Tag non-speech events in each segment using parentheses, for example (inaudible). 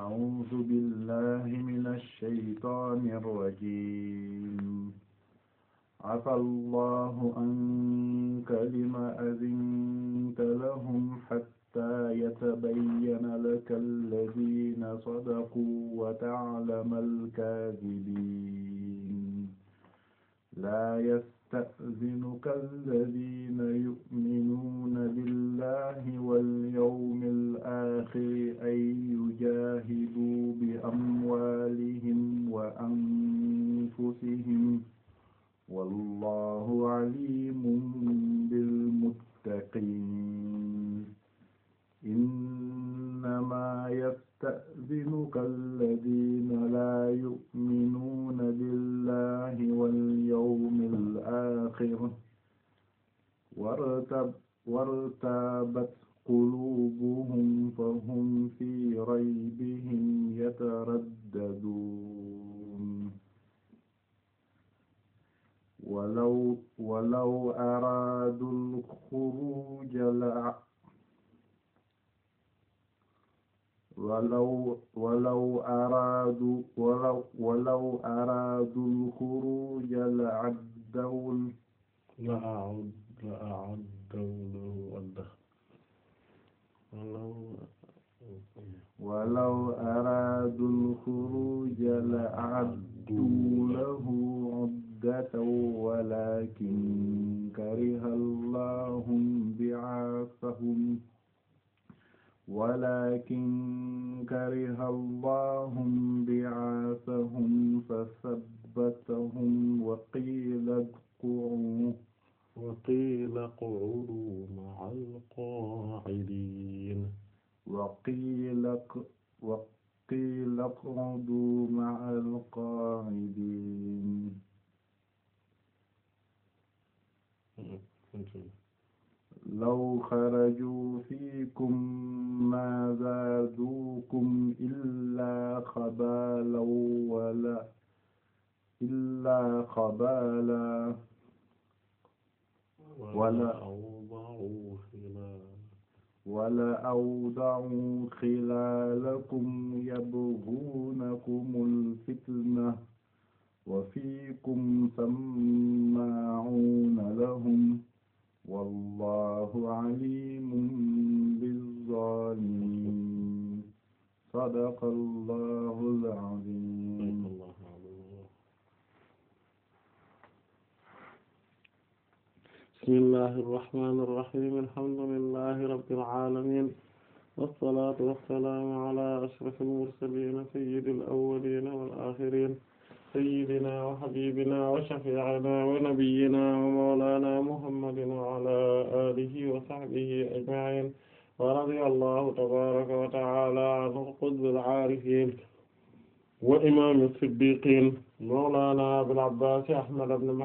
أعوذ بالله من الشيطان الرجيم عفى الله عنك لم أذنت لهم حتى يتبين لك الذين صدقوا وتعلم الكاذبين لا يستطيعون يستأذنك الذين يؤمنون بالله واليوم الآخر أن يجاهدوا بأموالهم وأنفسهم والله عليم بالمتقين إنما يستأذنك الذين لا يؤمنون بالله واليوم آخر وارتب وارتابت قلوبهم فهم في ريبهم يترددون ولو ولو أرادوا الخروج لع ولو ولو أرادوا ولو ولو أرادوا الخروج لعد dawul la aud la aud dawlahu wadda walaw araadul xuruja la addu lahu uddatan walakin kariha allahum bi'aasahum walakin kariha allahum bi'aasahum fasab صحبتهم وقيل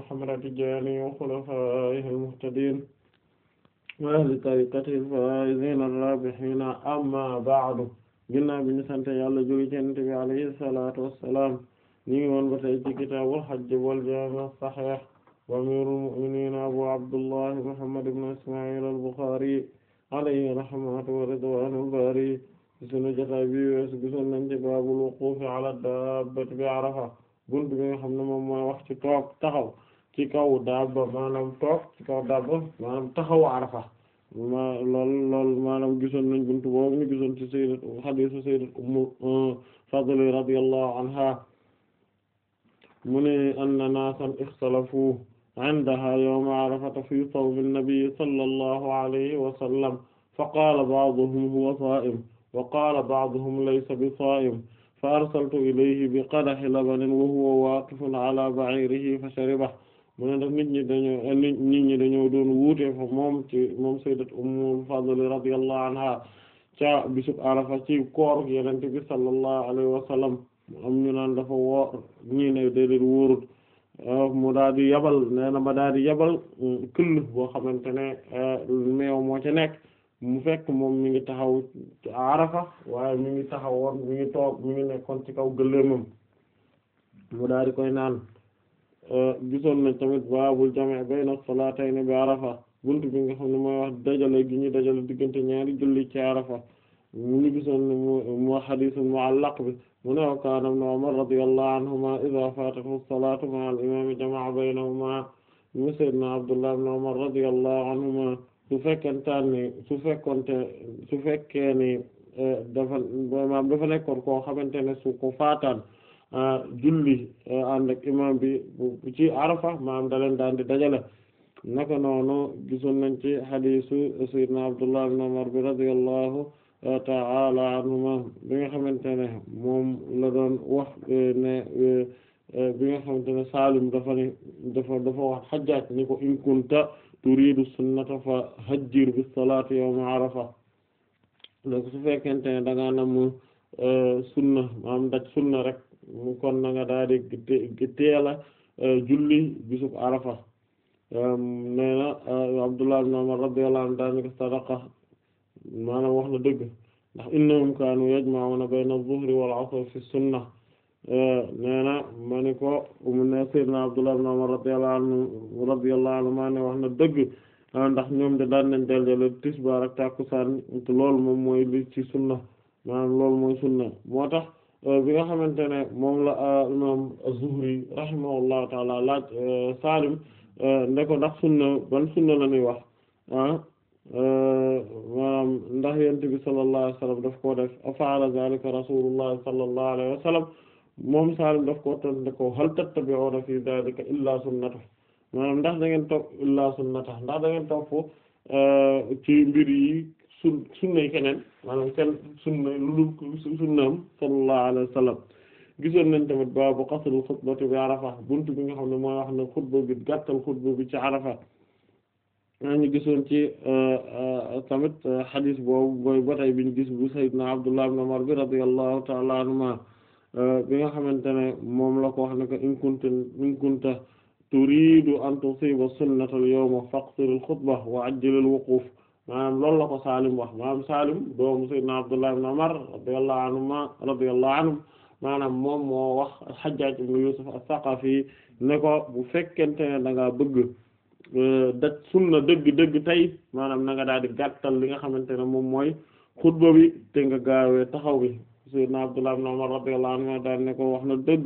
Ahmad at-Tijaani wa xulafaa'ihi al-muhtadiin wa ahli tariiqatihi al-faa'iziina ar-raabihiin amma ba'du ginnaaw bi ñu sant Yàlla jóge ci Yonent bi alayhi salaatu wa salaam ñu ngi woon ba tey ci kitaabul hajj wal jaami' as-sahiih wa amiirul mu'miniin Abu Abdullah Muhammad ibn Ismaa'iil al-Bukhaari alayhi rahmatu wa ridwaanul baari sunu jotaay bi weesu gisoon nañ ci baabul wuquufi ala daabati bi Arafa bunt bi nga xam ne moom mooy wax ci toog taxaw ci kaw daaba maanaam toog ci kaw daaba maanaam taxaw arafa ma loolu loolu maanaam gisoon nañ buntu boobu ñu gisoon ci sayyidat hadiisu sayyidat ummu euh, fadl radiyallahu anha mu ne anna naasan ixtalafu indaha yawma arafata fi sawmi nabi sallallahu alayhi wa sallam fa qaala ba'duhum huwa saa'im wa qaala ba'duhum laysa bi saa'im fa arsaltu ilayhi bi qadahi labanin wa huwa waaqifun ala ba'irihi fa sharibahu mu ne daf nit ñi dañoo nit ñi dañoo doon moom ci moom sayyidat Ummul Fadl radiyallahu anha ca bisub Arafa ci koor Yonent bi sallallahu alayhi wa sallam am ñu naan dafa woor ñii ne déedéet wóorut euh, mu daal yabal nee na ma daal di yabal mm, këll boo xamante ne euh, meew moo ca nekk mu fekk moom mi ngi taxaw Arafa waaye mi ngi taxawoon mu ngi toog mi ngi ci kaw gëléemam mu daal di koy naan gisoon nañ tamit baabul jami' bayna salaatayni bi arafa buntu bi nga xam ne mooy wax dajale gi ñu dajale diggante ñaari julli ci arafa mu ñu gisoon ne mu hadiisul mu'allaq bi mu ne wa kaana ibnu umar radiyallahu anhuma idhaa faatatahu salaatu ma'a al-imaami jama'a baynahuma mu sayyidina abdullah ibnu umar radiyallahu anhuma su fekkentaan ni su fekkonte su fekkee ni eh, dafa dafa nekkoon koo xamante ne su ko faataan julli ànd ak imam bi ci arafa maanaam da daan di dajale naka noonu gisoon nañ ci hadisu sayyidina Abdullah ibn Umar bi radiyallahu ta'ala anhuma bi nga xamante ne moom la doon wax eh, ne eh, eh, bi nga xamante ne Salim dafa ne dafa dafa wax Hajjaj ni ko in kunta turidu sunnata fa hajjir bis salati yawma arafa donc su fekkente ne da ngaa nam sunna maam daj sunna rek kon na nga daal di teela euh, julli bisub arafa euh, nee na euh, Abdullah ibn Umar radiyallahu anhu daal ni ko sadaqa maanaam wax na dëgg ndax innahum kaanu yajma'una bayna adh-dhuhri wal 'asri fi sunna nee na ma ne ko na um, ne sayyidina Abdullah ibn Umar radiyallahu anhu radiyallahu anhu maa ne wax na dëgg ndax ñoom de daan nañ daldale tisbaar ak tàkkusaan loolu moom mooy li ci sunna maanaam loolu mooy sunna moo tax Euh, bi nga xamante ne moom la euh, imam az-Zuhri rahimahullahu taala laaj euh, Salim ne ko ndax sunna ban sunna la ñuy wax ah maanaam ndax yonent bi sallallahu alayhi wa sallam daf koo def afa'ala zalika rasulullah sallallahu alayhi wa moom Salim daf koo toon ne ko hal tattabi'una fi zalika illa sunnata maanaam ndax da ngeen topp illa sunnata ndax da ngeen topp ci sun sunnay keneen maanaam seen sunna lu dul sunnaam sallallahu alayhi wa sallam gisoon nañ tamit baabu qasrul xutbati bi arafa buntu bi nga xam ne mooy wax ne xutba bi gàttal xutba bi ci arafa maa ngi gisoon ci euh, euh, tamit euh, xadis boobu mooy ba bi ñu gis bu sayyidna Abdullah ibn Umar bi radiyallahu ta'ala anhuma bi nga xamante ne moom la ko wax ne que in kunta in kunta turidu an tusiba sunnata al yawma faqsir al wa ajjil al maanaam loolu la ko Saalim wax maanaam Saalim doomu Seydina Abdullah ibn Umar radiyallahu anhuma radiyallahu anhum maanaam moom moo wax Hajjaj ibn Yusuf as-Saqafi ne ko bu fekkente ne da bëgg euh, da sunna dëgg-dëgg tey maanaam na nga daal di gàttal li nga xamante ne moom mooy xutba bi te nga gaawee taxaw bi Seydina Abdullah ibn Umar radiyallahu anhuma daal ne ko wax na dëgg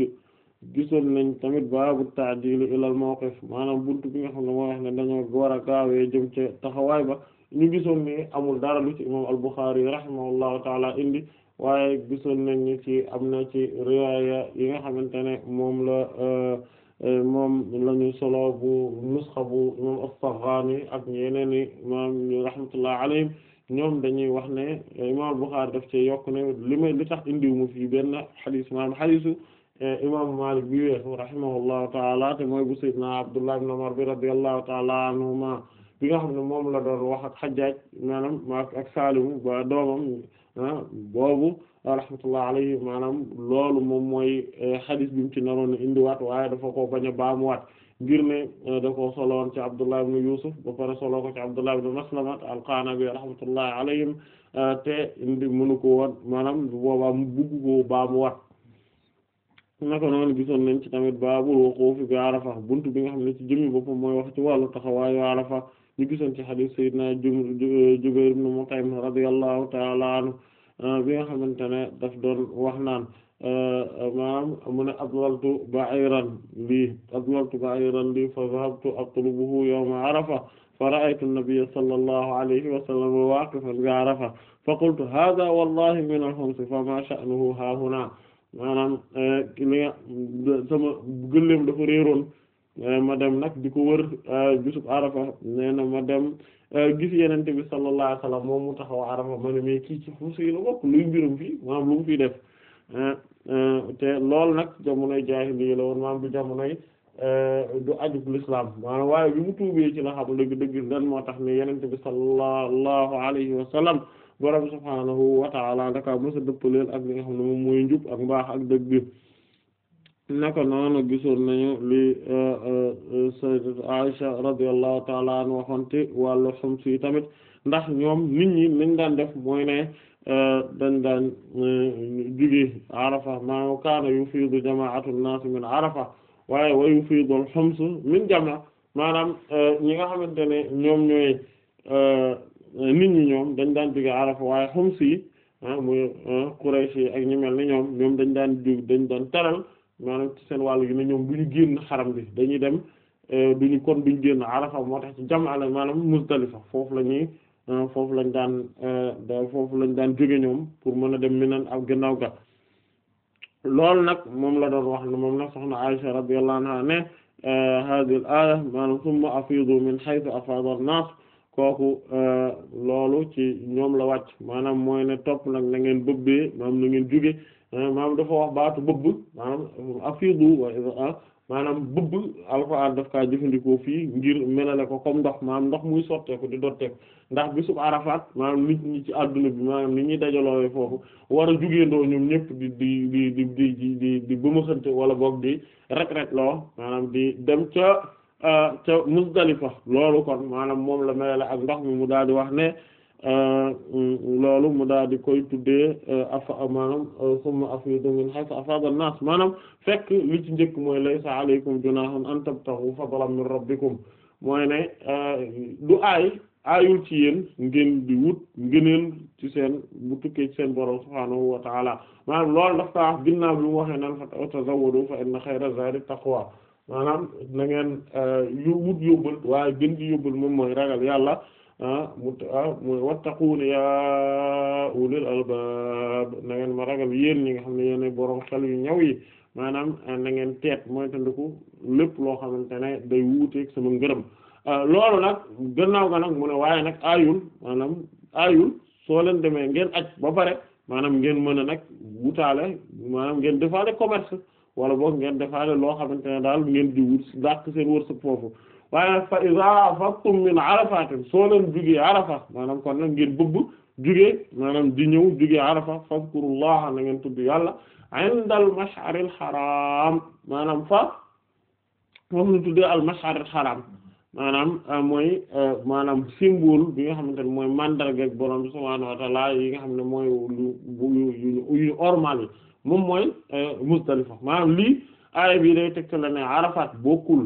gisoon nañ tamit baabu ta'dil ila al-mawqif maanaam buntu bi nga xam ne moo wax ne dañoo war a gaawee jëm ca ñu gisoon ni amul dara a ci imam al-Bukhari rahimahullahu taala indi waaye gisoon nañ ni ci am na ci riwaaya yi nga xamante ne moom la euh, euh, moom la ñu solo bu nusxa bu ak yeneen i imam ñu rahmatullah alayhim ñoom dañuy wax ne imam al-Bukhari daf ci yokk ne li may li tax indiwu mu fi benn xadis maanaam xadisu euh, imam Malik bi weesu rahimahullahu taala te mooy bu sayyidina Abdullah ibn Umar bi radiyallahu taala anhuma bi nga xam ne moom la doon wax ak xajaaj maanaam ak saalimu ba doomam ah, boobu rahmatullah alayhi maanaam loolu moom mooy eh, xadis bi mu ci naroon indiwaat waaye dafa ko bañ a baamuwaat ngir ne eh, da ko soloon ci abdullah ibn yusuf ba pare soloo ko ci abdullah ibn maslama al-qanabi rahmatullahi alayhim eh, te indi mënu ko woon maanaam boobaa mu bugg ko baamuwaat naka noonu gisoon nañ ci tamit baabul wuquufi bi arafa buntu bi nga xam ne ci jëmmi boppam mooy wax ci wàllu taxawaayu arafa ñu gisoon ci hadith sayyidina Jubayr ibn Mut'im radiyallahu ta'ala anhu euh, bi nga xamante ne daf doon wax naan euh, maanaam mu ne adlaltu ba'iran lii adlaltu ba'iran lii fa dhahabtu atlubuhu yawma arafa fa ra'aytu an-nabiyya sallallahu alayhi wa sallam waqifan bi arafa fa qultu hadha wallahi min al-khums fa ma sha'nuhu ha huna maanaam euh, li nga sama gëléem dafa réeroon ma dem nag di ko wër euh, bisub arafa nee na ma dem euh, gis yenente bi sallallahu alayhi moom mu taxaw arafa ma ne mais kii ci xuus si la bokk luy mbirum fii maanaam lu mu fii def euh, te loolu nag jamonoy jaahiliya la woon maanaam du jamonoy du ajub l'islam maanaam waaye bi mu tuubee ci la xam dëgg-dëgg lan moo tax ne yenente bi sallallahu alayhi wasallam borom subhaanahu wa ta'ala ndaka mësa leen ak li nga xam ne moom mooy njub ak mbaax ak dëgg naka noonu gisoon nañu li uh, uh, uh, sayyidatu Aisha radiyallahu ta'ala anha waxoon ci wàllu xums yi tamit ndax ñoom nit ñi nañ daan def mooy ne dañ daan jugi Arafa maa kaana yufiidu jamaa'atu naas min Arafa waaye wa yufiidu al-xums min jamaa maanaam ñi nga xamante ne ñoom ñooy nit ñi ñoom dañ daan jugi Arafa waaye xums yi ah muy Quraysh yi ak ñi mel ni ñoom ñoom dañ daan jug dañ daan taral maanaam ci seen wàll gi ne ñoom du ñu génn xaram bi dañuy dem euh, du ñu kon duñu génn arafa moo tax ci jam ala maanaam Muzdalifa foofu la ñuy euh, foofu lañ daan euh, foofu lañ daan jóge ñoom pour mën a dem Minan ak gannaaw ga loolu nag moom la doon wax ne moom la soxna na radiyallahu anha ne hadhihi al-aya maanaam thumma afidu min haythu afada an kooku loolu ci ñoom la wàcc maanaam mooy ne topp nag na ngeen bëbbee maanaam na ngeen jóge maanaam dafa wax baatu bëbb maanaam afidu ah, maanaam bëbb alxuraan daf kaa jëfandikoo fii ngir melale ko comme ndox maanaam ndox muy sotteeku di dotteeku ndax bisub Arafat maanaam nit ñi ci àdduna bi maanaam nit ñi dajaloo foofu war a jugéendoo ñoom ñëpp di di di di di di di bëmaxante wala boog di rek loo maanaam di dem ca ah, ca Muzdalifa loolu kon maanaam moom la melale ak ndox mi mu daal di wax ne Euh, loolu mu daal di koy tudde euh, afa maanaam euh, summa afiidu min haythu afaada an-naas maanaam fekk li ci njëkk mooy laysa alaykum junaahun an tabtaghu fadlan min rabbikum mooy ne du aay aayul ci yéen ngeen di wut ngëneel ci seen bu tukkee ci seen borom subhaanahu wa ta'ala maanaam loolu daf kaa bi mu waxee naan fa tazawwadu fa inna xayra zaadi taqwa maanaam na ngeen wut yóbbal waaye gën di yóbbal moom mooy ragal yàlla Ah, ah, wattaquun yaa ulil albaab na ngeen ma ragal yéen ñi nga xam ne yéen borom xel yu ñaw yi maanaam ah, na ngeen teet mooy tandiku lépp loo xamante ne day wuuteeg sama ngërëm loolu nag gannaaw ga nag mu ne waaye nag aayul maanaam aayul soo leen demee ngeen aj ba pare maanaam ngeen mën a nag wutaale maanaam ngeen defaale commerce wala boog ngeen defaale loo xamante ne daal ngeen di wut dàq seen wërsëg foofu maanaam fa iza fattum min arafatin soo leen jugee arafa maanaam kon nag ngeen jugee maanaam di ñëw jugee arafa fadkurullaha na ngeen tudd yàlla inda al mash'ar maanaam fa moom lu tuddee al mash'ar al haram maanaam euh, mooy euh, maanaam symbole bi nga xamante ne mooy mandarga ak borom bi subhaanahu wa yi nga xam ne mooy yu yi moom mooy euh, Muzdalifa maanaam lii aaya bi day tegtale ne Arafat bokkul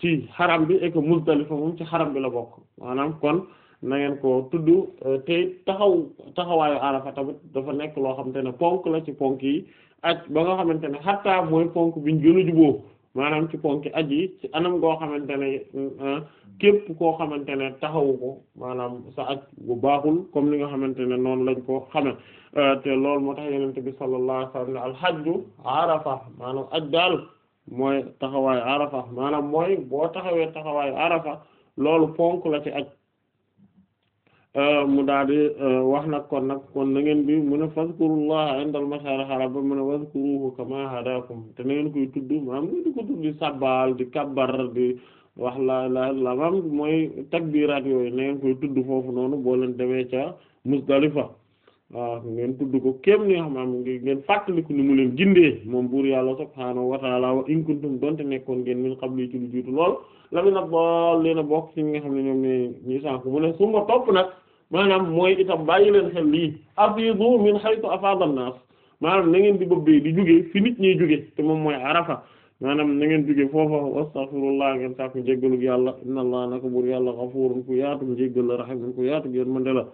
ci xaram bi et que Muzdalifa moom ci xaram bi la bokk maanaam kon nangeen ko tudd euh, te taxaw taxawaayu Arafa tamit dafa nekk loo xamante ne ponk la ci ponk yi aj ba nga xamante ne xattaa mooy ponk biñ gën a juboo maanaam ci ponk aj yi ci anam goo xamante ne euh, képp koo xamante ne taxawu ko maanaam sa aj bu baaxul comme li nga xamante ne noonu lañ ko xame euh, te loolu moo tax yenente bi sallallahu alayhi wa sallam Arafa maanaam aj daal mooy taxawaayu arafa maanaam mooy boo taxawee taxawaayu arafa loolu ponk la ci aj mu daal di euh, wax nag kon nag kon na ngeen bi mu ne fazkurullaha indal mashar haram ba mu ne wazkuruhu kama hadakum te na ngeen koy tudd maanaam di ko tudd di sabbal di kabbar di wax la la la maanaam mooy takbiraat yooyu na ngeen koy tudd foofu noonu boo leen demee ca Muzdalifa waaw ngeen tudd ko kéem ni nga xam am ngeen fàttaliku ni mu leen gindee moom buur yàlla subhaanahu wa ta'ala wa in kuntum donte nekkoon ngeen min qabli ci lu jiitu lool la mi nag bool leen a bokk ci nga xam ne ñoom ne ñuy sànk mu ne suma topp nag maanaam mooy itam bàyyi leen xel lii afidu min haythu afada an-nas maanaam na ngeen di bëbbee di jóge fi nit ñiy jóge te moom mooy arafa maanaam na ngeen jóge foofa laa ngeen sàkku jéggalug yàlla inna allah naka buur yàlla ghafurun ku yaatu jéggal la rahimun ku yaatu yéen mën de la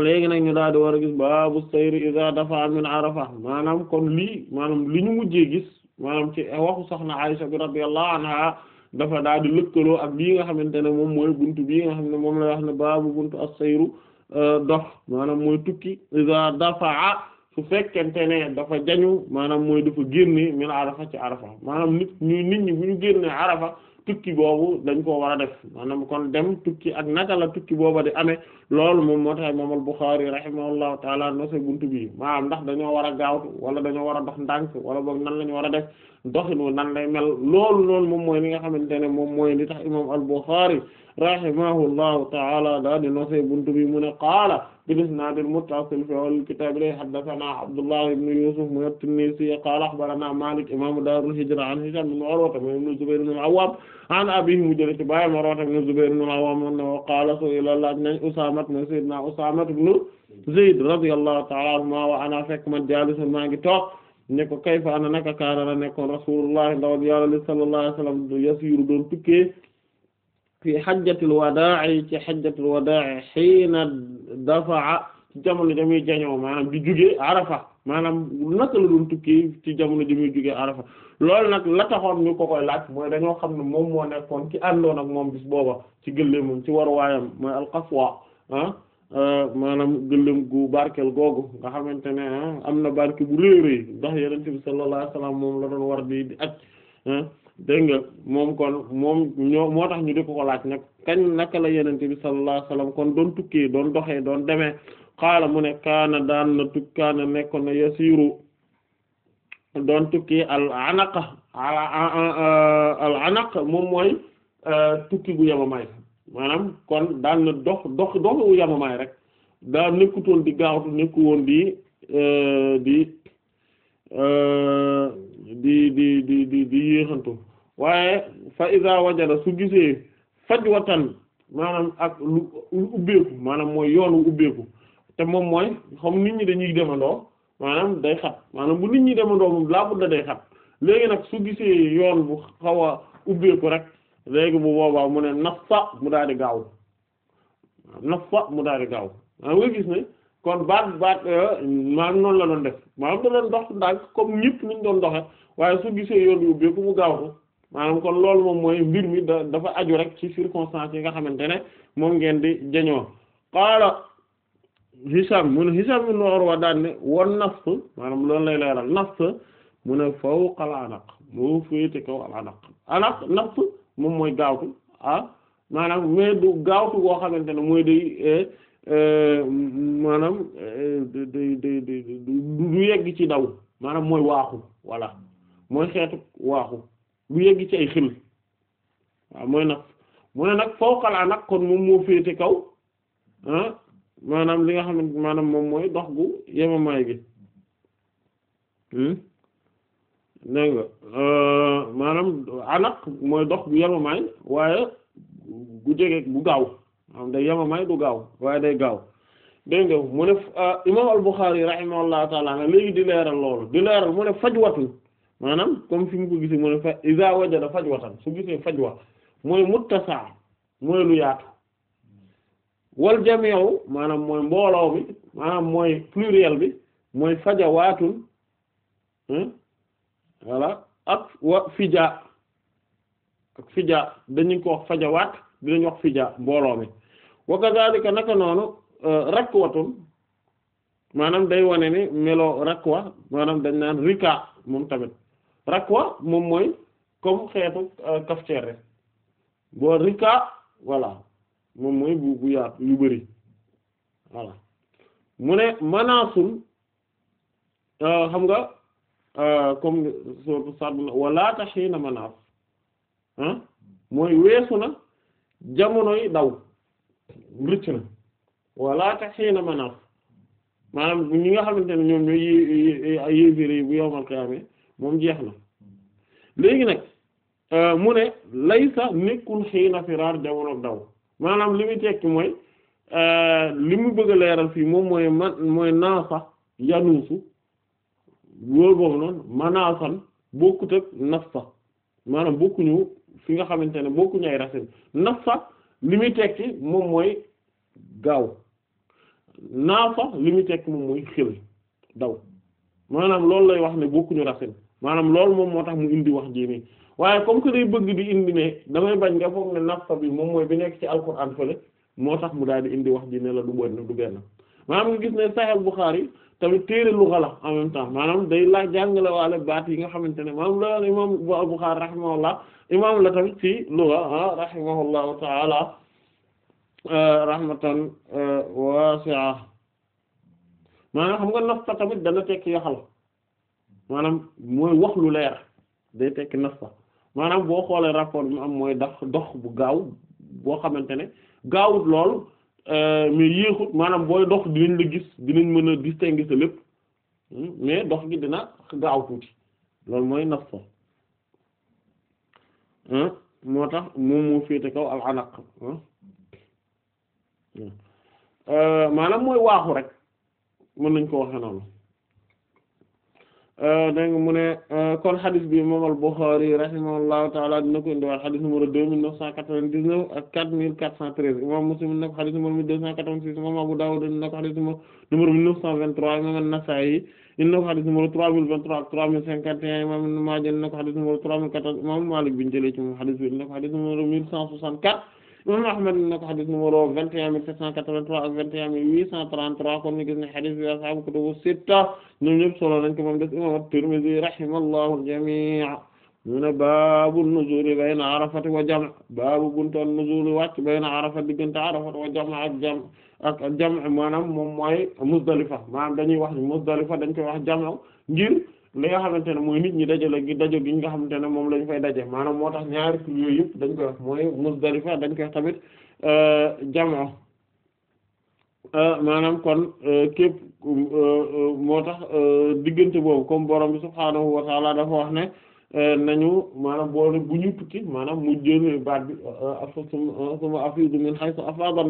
léegi nag ñu daal di war a gis baabu sayri iza dafa min arafa maanaam kon lii maanaam li ñu mujjee gis maanaam ci waxu soxna Aysa bi radiyallahu anha dafa daal di lëkkaloo ak bii nga xamante ne moom mooy buntu bii nga xam ne moom la wax ne baabu buntu as-sayru euh, dox maanaam mooy tukki iza dafa su fekkente ne dafa jañu maanaam mooy dafa génne min arafa ci arafa maanaam nit ñu nit ñi bu ñu génne arafa tukki boobu dañ ko war a def maanaam kon dem tukki ak naka la tukki booba di amee loolu moom moo tax imaam al-Bukhari rahimahullahu taala no se buntu bi maanaam ndax dañoo war a gaawtu wala dañoo war a dox ndànk wala boog nan la ñu war a def doxin wu nan lay mel loolu noonu moom mooy li nga xamante ne moom mooy li tax imam al-Bukhari rahimahullahu ta'ala daa di nosee buntu bi mu ne qaala bi isnaadil muttasil fil kitaab li haddathana Abdullah ibn Yusuf mu at-Tinnisi qaala akhbarana Malik imam daarul hijra an Hisham ibn Urwa ibn Zubayr ibn al-Awwam an abihi mu jële ci baay Urwa ibn Zubayr ibn al-Awwam annahu qaala su'ila laaj nañ Usaama ma sayyidina Usaama ibn Zayd radiyallahu ta'ala anhu wa ana fekk man jaalisun maa ngi toog ne ko kayfa ana naka kaana la nekkoon rasulullah ndawal yàlla li sallallahu alayhi wasallam yasiru doon tukkee fi hajjatul wadaa ci hajjatul wadaa hiina dafa'a ci jamono jamuy jañoo maanaam di jugee arafa maanaam naka la doon tukkee ci jamono jamuy jugee arafa loolu nag la taxoon ñu ko koy laaj mooy dañoo xam ne moom moo nekkoon ci àndoon ak moom bis booba ci gëléemam ci war waayam mooy alqaswa ah. Euh, maanaam gëléem gu barkeel googu nga xamante ne ah, am na barke bu rëy rëy ndax yonent bi sallallahu alayhi wasallam moom la doon war di di aj ah, dégg nga moom kon moom ñoo moo tax ñu di ko ko laaj nag kañ naka la yonent bi sallallahu alayhi wasallam kon doon tukkee doon doxee doon demee xaala mu ne kaana daan na tukk kaana nekkoon na yasiru doon tukki al anaq al anaq moom mooy euh, tukki gu yemamaay maanaam kon daan na dox dox doxu yamamaay rek daa nekkutoon di gaawtu nekku woon di euh, di euh, di di di di di yéexantu waaye fa iza wajada su gisee fajwatan maanaam ak lu ubbeeku maanaam mooy yoonu ubbeeku te moom mooy xam nit ñi dañuy demandoo maanaam day xat maanaam bu nit ñi demandoo moom laa budda day xat léegi nag su gisee yoon bu xaw a ubbeeku rek léegi bu boobaa mu ne naffa mu daal di gaaw naffa mu daal di gaaw ah nga gis ne kon baat baat euh, maanaam noonu la doon def maanaam da doon dox ndànk comme ñëpp ñu doon doxe waaye su gisee yoon yu bépp mu gaaw ko maanaam kon loolu moom mooy mbir mi da dafa aju rek ci circonstance yi nga xamante ne moom ngeen di jañoo qaala Hisham mu ne Hisham ibn Urwa daan ne wan nafs maanaam loolu lay leeral nafs mu ne fawqa al anaq féete kaw al anaq anaq moom mooy gaawtu ah maanaam mais du gaawtu boo xamante ne mooy day eh, eh, maanaam eh, day day du yegg ci daw maanaam mooy waaxu voilà mooy xeetu waaxu du yegg ci ay xil waaw mooy nag mu ne nag fawqalaa nag kon moom moo féete kaw ah maanaam li nga xamante maanaam moom mooy dox gu yemamaay gi hmm? dégg nga euh, maanaam alaq mooy dox bu yemamaay waaye bu jege bu gaaw maanaam day yemamaay du gaaw waaye day gaaw dégg nga mu ne euh, imaam al-Bukhari rahimahullahu taala nga léegi di leeral loolu di leeral mu ne fajwatun maanaam comme fi mu ko gisee mu ne fa iza wajada fajwatan su gisee fajwa mooy muttasa mooy lu yaatu wal jami'u maanaam mooy mbooloo bi maanaam mooy pluriel bi mooy fajawaatun hmm? voilà ak wa fija ak fija dañu ko wax fajawaat dinañu wax fija mbooloo mi wa kadhalika naka noonu euh, rakwatun maanaam day wane ni melo rakk wa maanam dañ naan rika moom tamit rakwa moom mooy comme xeetu kafteer euh, rek boo rika voilà moom mooy bu bu yaat yu bëri voilà mu ne manaasul euh, xam nga Euh, comme sourate wala tax xiina manaaf ah mooy weesu na jamonoy daw rëcc na wala tax xiina manaaf maanaam ñi nga xamante ne ñoom ñooy yéeféer yi bu yowmal qiyaama moom jeex na léegi nag euh, mu ne laysa nekkul xiina firaar jamono daw maanaam li muy tekki mooy euh, li mu bëgg a leeral fii moom mooy man mooy naafa yanuusu loolu boobu noonu manaasan bokkut ak nafsa maanaam bokkuñu fi nga xamante ne bokkuñu ay racines nafsa li muy tekki moom mooy gaaw naafa li muy tekki moom mooy xel daw maanaam loolu lay wax ne bokkuñu racine maanaam lool moom moo tax mu indi wax ji nii waaye comme que day bëgg di indi ne damay bañ nga foog ne nafsa bi moom mooy bi nekk ci alxuraan fële moo tax mu daal di indi wax ji ne la du bon du benn maanaam nga gis ne Sahih Bukhari tamit téere luxa la en même maanaam day laaj jàngale waale baat yi nga xamante ne maanaam la imam Bukhari rahimahullah imam la tamit ci luxa ah rahimahullahu taala euh, rahmatan euh, wasi'a maanaam xam nga nafsa tamit dana tekki yaxal maanaam mooy wax lu leer day tekki nafsa maanaam boo xoolee rapport bi mu am mooy dax dox bu gaaw boo xamante ne gaawut lool Euh, mais yéexut maanaam booy dox dinañ la gis dinañ mën a distinguer sa lépp hmm, mais dox gi dina gaaw tuuti loolu mooy naf so hmm, moo tax moom moo féete kaw al hmm. Euh, maanaam mooy waaxu rek mën nañ ko waxe noonu Euh, dégg nga mu ne euh, kon xadis bi imam al-Bukhari rahimahullahu taala dina ko deux mille neuf cent quatre-vingt-dix-neuf ak quatre mille quatre cent treize imam Muslim dina deux cent quatre-vingt-six imam Abu Dawud dina ko xadis neuf cent vingt-trois imam an-Nasa'i trois mille vingt-trois ak trois mille cinquante et un imam Ibn Maaja dina trois mille quatorze imam Malik bin jëlee ci moom xadis bi dina ko cent quatre imam Ahmad na ko xadis numéro vingt et un mille sept cent quatre-vingt-trois ak vingt et un mille huit cent trente-trois kon ñu gis ne xadis bi ashaabu kutubu sitta ñoom ñëpp solo nañ ko moom des imam At-Tirmidhi rahimallahu al-jami' mu ne baabu nuzul bayna arafati wa jam' baabu buntoon nuzul wàcc bayna arafat diggante arafat wa jam' ak jam' ak jam' maanaam moom mooy Muzdalifa maanaam dañuy wax Muzdalifa dañ koy wax jam' ngir li nga xamante ne mooy nit ñi dajale dajo gi nga xamante ne moom lañ fay daje maanaam moo tax ñaari tur yooyu yëpp dañ koy wax dañ koy wax tamit euh, euh, maanaam kon euh, képp moo tax diggante boobu comme borom bi subhaanahu wa ta'ala dafa wax ne nañu maanaam boole bu ñu maanaam mu jël baat bi summa afiidu min haythu afaada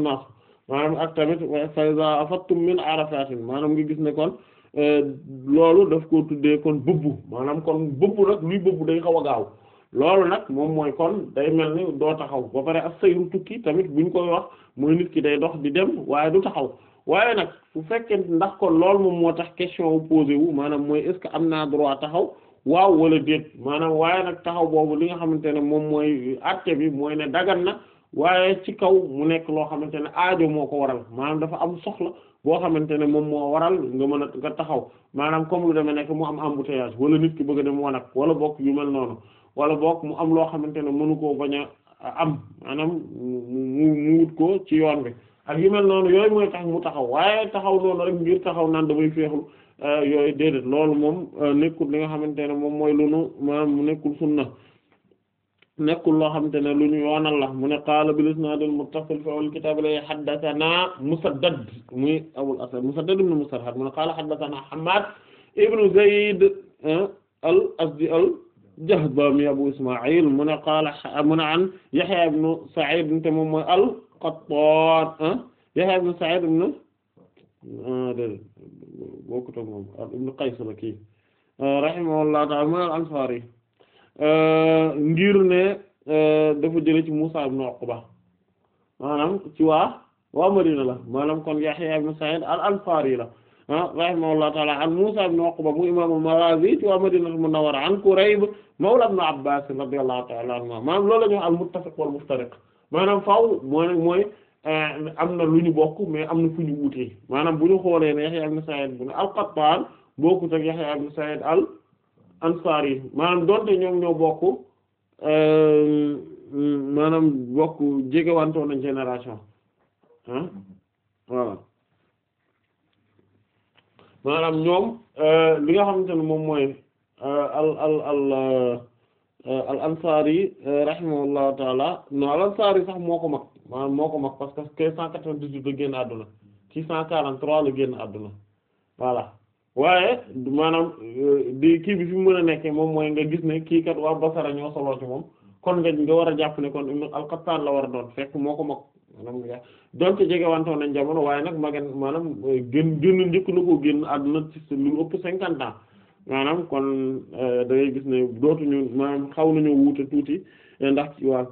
an ak tamit fa izaa afattum min arafatin maanaam nga gis ne kon Euh, loolu daf ko tuddee kon bëbbu maanaam kon bubbu nag luy bëbbu day xaw a gaaw loolu nag moom mooy kon day mel ni doo taxaw ba pare ak sayru tukki tamit buñ koy wax mooy nit ki day dox di dem waaye du taxaw waaye nag su fekkee ndax kon loolu moom moo tax question posé maanaam mooy est que am naa droit taxaw waaw wala déet maanaam waaye nag taxaw boobu li nga xamante ne moom mooy acte bi mooy ne dagan na waaye ci kaw mu nekk loo xamante ne aajo moo ko waral maanaam dafa am soxla boo xamante ne moom moo waral nga mën a nga taxaw maanaam comme lu demee nekk mu am embouteillage wala nit ki bëgg a dem wanag wala bokk yu mel noonu wala bokk mu am loo xamante ne mënu koo bañ a am maanaam mu wut ko ci yoon bi ak yu noonu yooyu mooy tax mu taxaw waaye taxaw noonu rek ngir taxaw naan damay féexlu euh, yooyu déedéet loolu moom euh, nekkul li nga xamante ne moom mooy lu nu maanaam mu nekkul sunna nekkul loo xamante ne lu ñu yoonal la mu ne qaala bil isnaad al muttasil fi awwal kitaab la haddathana Musaddad muy Abul Aswad Musaddad ibn Musarhad mu ne qaala haddathana Hammaad ibn Zayd ah, al Azdi al Jahdami Abu Isma'il mu ne qaala mu ne an Yahya ibn Sa'id te moom mooy al Qattaan ah, Yahya ibn Sa'id ibn ah, déedéet bokkut ak moom ibn Qays la kii rahimahullahu ta'ala mu ne al Ansaari Euh, ngir ne euh, dafa jële ci Musa ibn Uqba maanaam ci waa waa Madina la maanaam kon Yahya ibn Sa'id al-Ansari la ah, rahimahullah ta'ala an Musa ibn Uqba mu imamul Marazi ci waa Madina al-Munawwara an Kurayb mawla ibn Abbas radiyallahu ta'ala anhuma maanaam loolu la al-muttafiq wal-muftariq maanaam faaw mooy mooy euh, am na lu ñu bokk mais am na fu ñu wutee maanaam bu ñu xoolee ne Yahya ibn Sa'id ibn al-Qattan bokkut ak Yahya ibn Sa'id al ansaar yi maanaam donte ñoom ñoo bokk euh, maanaam bokk jegewantoo nañ génération ah voilà maanaam ñoom euh, li nga xamante ne moom mooy euh, al al al al ansaar yi rahimahullahu taala non al ansaar yi sax moo ko mag maanaam moo ko mag parce que cent quatre-vingt-dix-huit la génn àdduna six cent quarante-trois la génn àdduna voilà waaye maanaam euh, di kii bi fi mu mën a nekkee moom mooy nga gis ne kii kat waa Basara ñoo soloo ci moom kon nga nga war a jàpp ne kon al la war a doon fekk moo ko mag maanaam nga donte jege wantoon nañ jamono waaye nag magen maanaam euh, gën gën njëkk na ko génn àdduna ci lu ëpp cinquante ans maanaam kon euh, da gis ne dootuñu maanaam xaw nañoo wuute tuuti ndax ci waa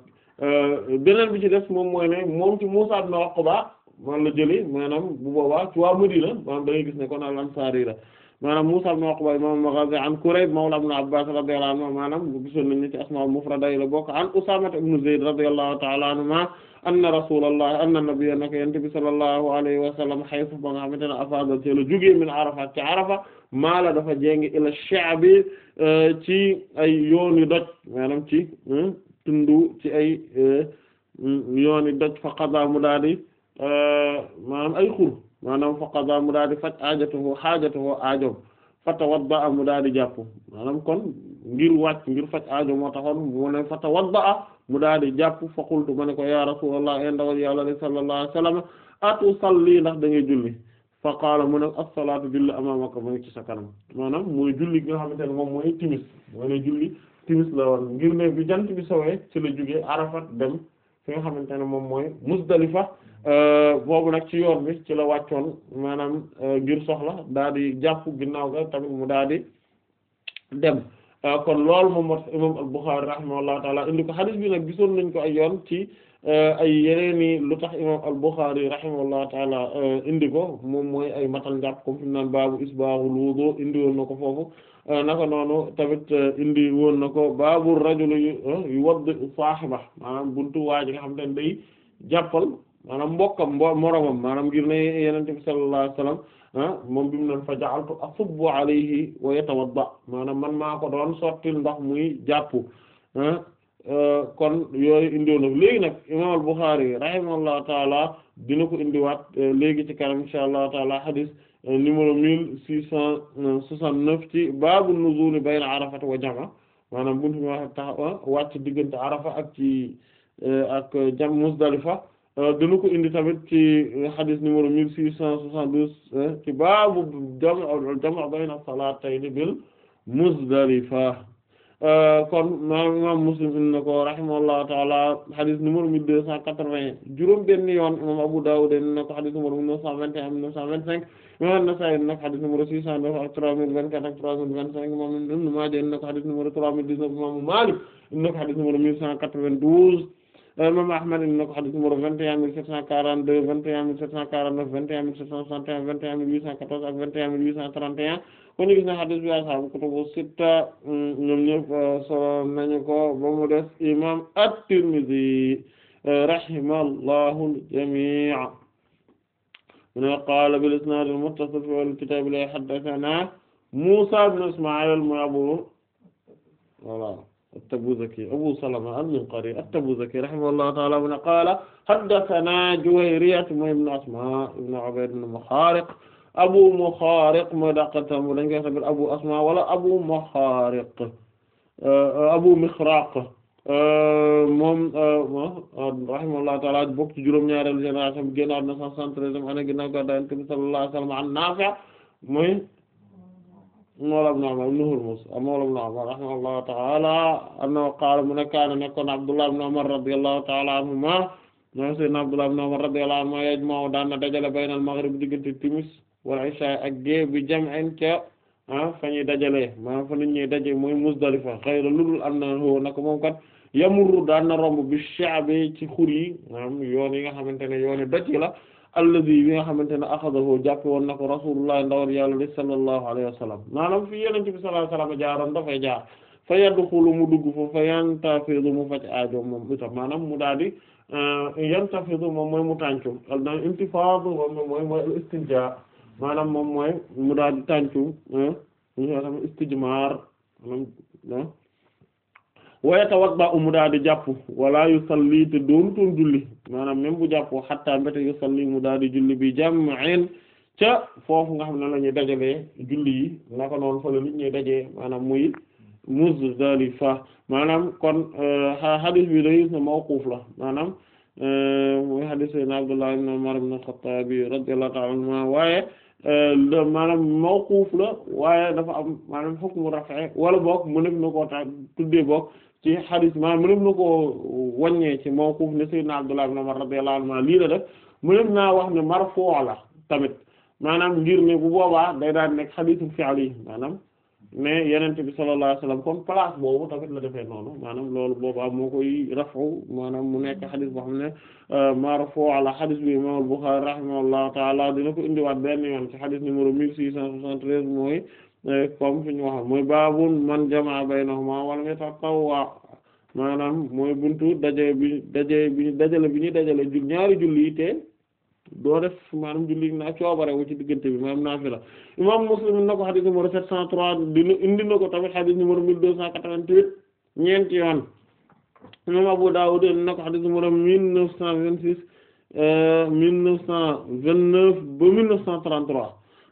beneen bi ci def moom mooy ne moom ci Muusaa ko Uqba man la jëlee maanaam bu boobaa ci waa Madina maanaam da ngay gis ne kon al ansaari la maanaam Muusaa ibn Uqba imaam al-Maghazi an Kurayb mawla ibn Abbaas radiyallahu anhu maanaam gisoon nañu ci asmaa'ul mufrada yi la bokk an Usaama ibn Zayd radiyallahu ta'ala anhumaa anna rasulallah anna nabiyya nag yonent bi sallallahu alayhi wa sallam haythu ba nga xamante ne afaada ci la jógee min Arafaat ci Arafa maala dafa jéngi ila sha'bi euh, ci ay yooni doj maanaam ci hmm, tundu ci ay euh, hmm, yooni doj fa qadaa mu maanaam ay xur maanaam fa qadaa mu daal di faj aajatahu xaajatahu aajoom fa tawadda mu daal di jàpp maanaam kon ngir wàcc ngir faj aajo moo taxoon mu ne fa tawadda mu daal di jàpp fa qultu ma ne ko ya rasulullah e ndawal yàlla li sallallahu alayhi wasallam atu salli ndax da ngay julli fa qaala mu ne as-salaatu julli amaamaka mu ngi ci sa kanam maanaam mooy julli nga xamante ne moom mooy timis mooy ne julli timis la woon ngir ne bi jant bi sowee ci la jógee Arafat dem fi nga xamante ne moom mooy Muzdalifa Euh, boobu nag ci yoon bi ci la wàccoon maanaam euh, ngir soxla daal di jàpp ginnaaw ga tamit mu daal di dem euh, kon loolu moom moo imam al-Bukhari rahimahullahu taala indi ko nag gisoon nañ ko ay yoon ci ay yeneeni lu tax imam al-Bukhari indi ko moom mooy ay matal jàpp comme fi mu naan baabu isbaaxul wudu indi woon na ko foofu naka noonu tamit indi woon na ko baabu rajul yu wadd saahiba maanaam buntu waa nga xam ne day jàppal maanaam mbokkam mbo moromam maanaam ngir ne yenente bi sallallahu alayhi wasallam ah, moom bi mu nan fa ja'altu asubbu alayhi wa yatawadda maanaam man maa ko doon sottil ndox muy jàpp ah, euh, kon yooyu indiw na léegi nag imam al-Bukhari rahimahullahu taala dina ko indiwaat euh, léegi ci kanam insha allahu taala hadis euh, numéro mille six cent neuf ci baabu nuzul bayna arafat wa jama maanaam buntu mi wax tax wàcc diggante arafa ak ci ak jam Muzdalifa Euh, dina ko indi tamit ci xadis numéro mille six cent soixante-douze ci baabu jam' jam' bayna salaatayni bil Muzdalifa euh, kon maam imaam Muslim inna ko rahimahullahu taala xadis numéro mille deux cent quatre-vingt juróom benn yoon imaam Abu Dawud inna ko xadis numéro mille neuf cent vingt et un cinq imaam An-Nasaa'i inna ko xadis numéro six cent neuf ak trois mille vingt-quatre ak vingt-cinq imaam Ibn Maaja inna ko xadis cent quatre-vingt-douze imam euh, Ahmad indi na ko hadith numéro 21742 21749 21761 21814 ak 21831 kon ñu gis na hadith bi ashaabu kutubu sitta ñoom ñëpp euh, solo nañu ko ba mu des imam at-Tirmidhi euh, rahimahullahu al-jamii' wa qaala bil isnaad al-muttasil fil kitaab li haddathanaa Muusaa ibn Ismaa'iil mooy Abu voilà at-Tabuzaki Abu Salama al-Minqari at-Tabuzaki rahimahullahu ta'ala mu ne qaala haddathana Juwayriyah mooy ibn Asma ibn Ubayd ibn Mukhariq Abu Mukhariq mooy daqatam dañ koy sabir Abu Asma wala Abu Mukhariq Abu Mikhraq moom rahimahullahu ta'ala bokk ci juróom-ñaareelu génération bi génnaat na 173 an ginnaaw gàddaay Yonent bi sallallahu alayhi wa sallam an Naafi' mooy mawla ibn Umar ibn Hurmuz mawla ibn Umar rahimahullahu ta'ala annahu qaala mu ne kaana nekkoon Abdullah ibn Umar radiyallahu ta'ala anhuma ñoom sayyidina Abdullah ibn Umar radiyallahu anhuma yajma'u daan na dajale baynal maghrib diggante timis wal isha ak gée bi jam'in ca ah fa ñuy dajalee maanaam fa nit ñuy daje mooy Muzdalifa xayra ludul annahu naka moom kat yamurru daan na romb bi sha'bi ci xur yi maanaam yoon yi nga xamante ne yoon yi doj la alladi bi nga xamante ne axadahu jàppe woon na ko rasulullah ndawal yàlla li sallallahu alayhi wa sallam maanaam fi yenente bi sallallahu alayhi wa sallam jaaroon jaar fa yadxulu mu dugg foofu fa yantafidu mu faj aajo moom itam maanaam mu daal di euh, yantafidu moom mooy mu tàncu da intifaadu moom mooy maanaam moom mooy mu daal di tàncu ñu tam istijmar maanaam euh, waaye tawadda'u mu daal di jàpp wala yusalli te doonutoon julli maanaam même bu jàppoo xatta mbéte yusalli mu daal di julli bi jam'in ca foofu nga xam ne la ñuy dajalee julli yi naka noonu fa la nit ñuy dajee maanaam muy Muzdalifa maanaam kon euh, hadith bi day na mawquf la maanaam euh, muy hadith sayyidina Abdullah ibn Umar ibn al-Khattab radiyallahu ta'ala anhu waaye euh, maanaam mawquf la waaye dafa am maanaam hukmu wala boog mu na koo tax tuddee boog ci xadis maanaam mënef na ko wàññee ci mawquf ne sayyidina Abdullah ibn Umar radiyallahu anhu lii la def mënef naa wax ne marfu' la tamit maanaam ngir ne bu boobaa day daan nekk xadisul yi maanaam ne yenente bi sallallahu alayhi wasallam kon place boobu tamit la defee noonu maanaam loolu boobaa moo koy rafu maanaam mu nekk xadis boo xam ne euh, marfu' la xadis bi imam al-Bukhari rahimahullahu ta'ala dina ko indiwaat benn yoon ci xadis numéro 1673 mooy Eh, comme fi ñu wax mooy baabun man jamaa baynahuma wa lam yatatawwa maanaam mooy buntu daje bi daje bi dajale bi ñuy dajale ju ñaari julli te doo def maanaam julli naa coobare wu ci diggante bi maanaam naafila imaam Muslim na ko xadis numéro sept cent trois dina indi na ko tamit xadis numéro mille deux cent quatre-vingt-huit ñeenti yoon imaam Abu Dawud indi na ko xadis numéro mille neuf cent vingt-six eh, mille neuf cent vingt-neuf ba mille neuf cent trente-trois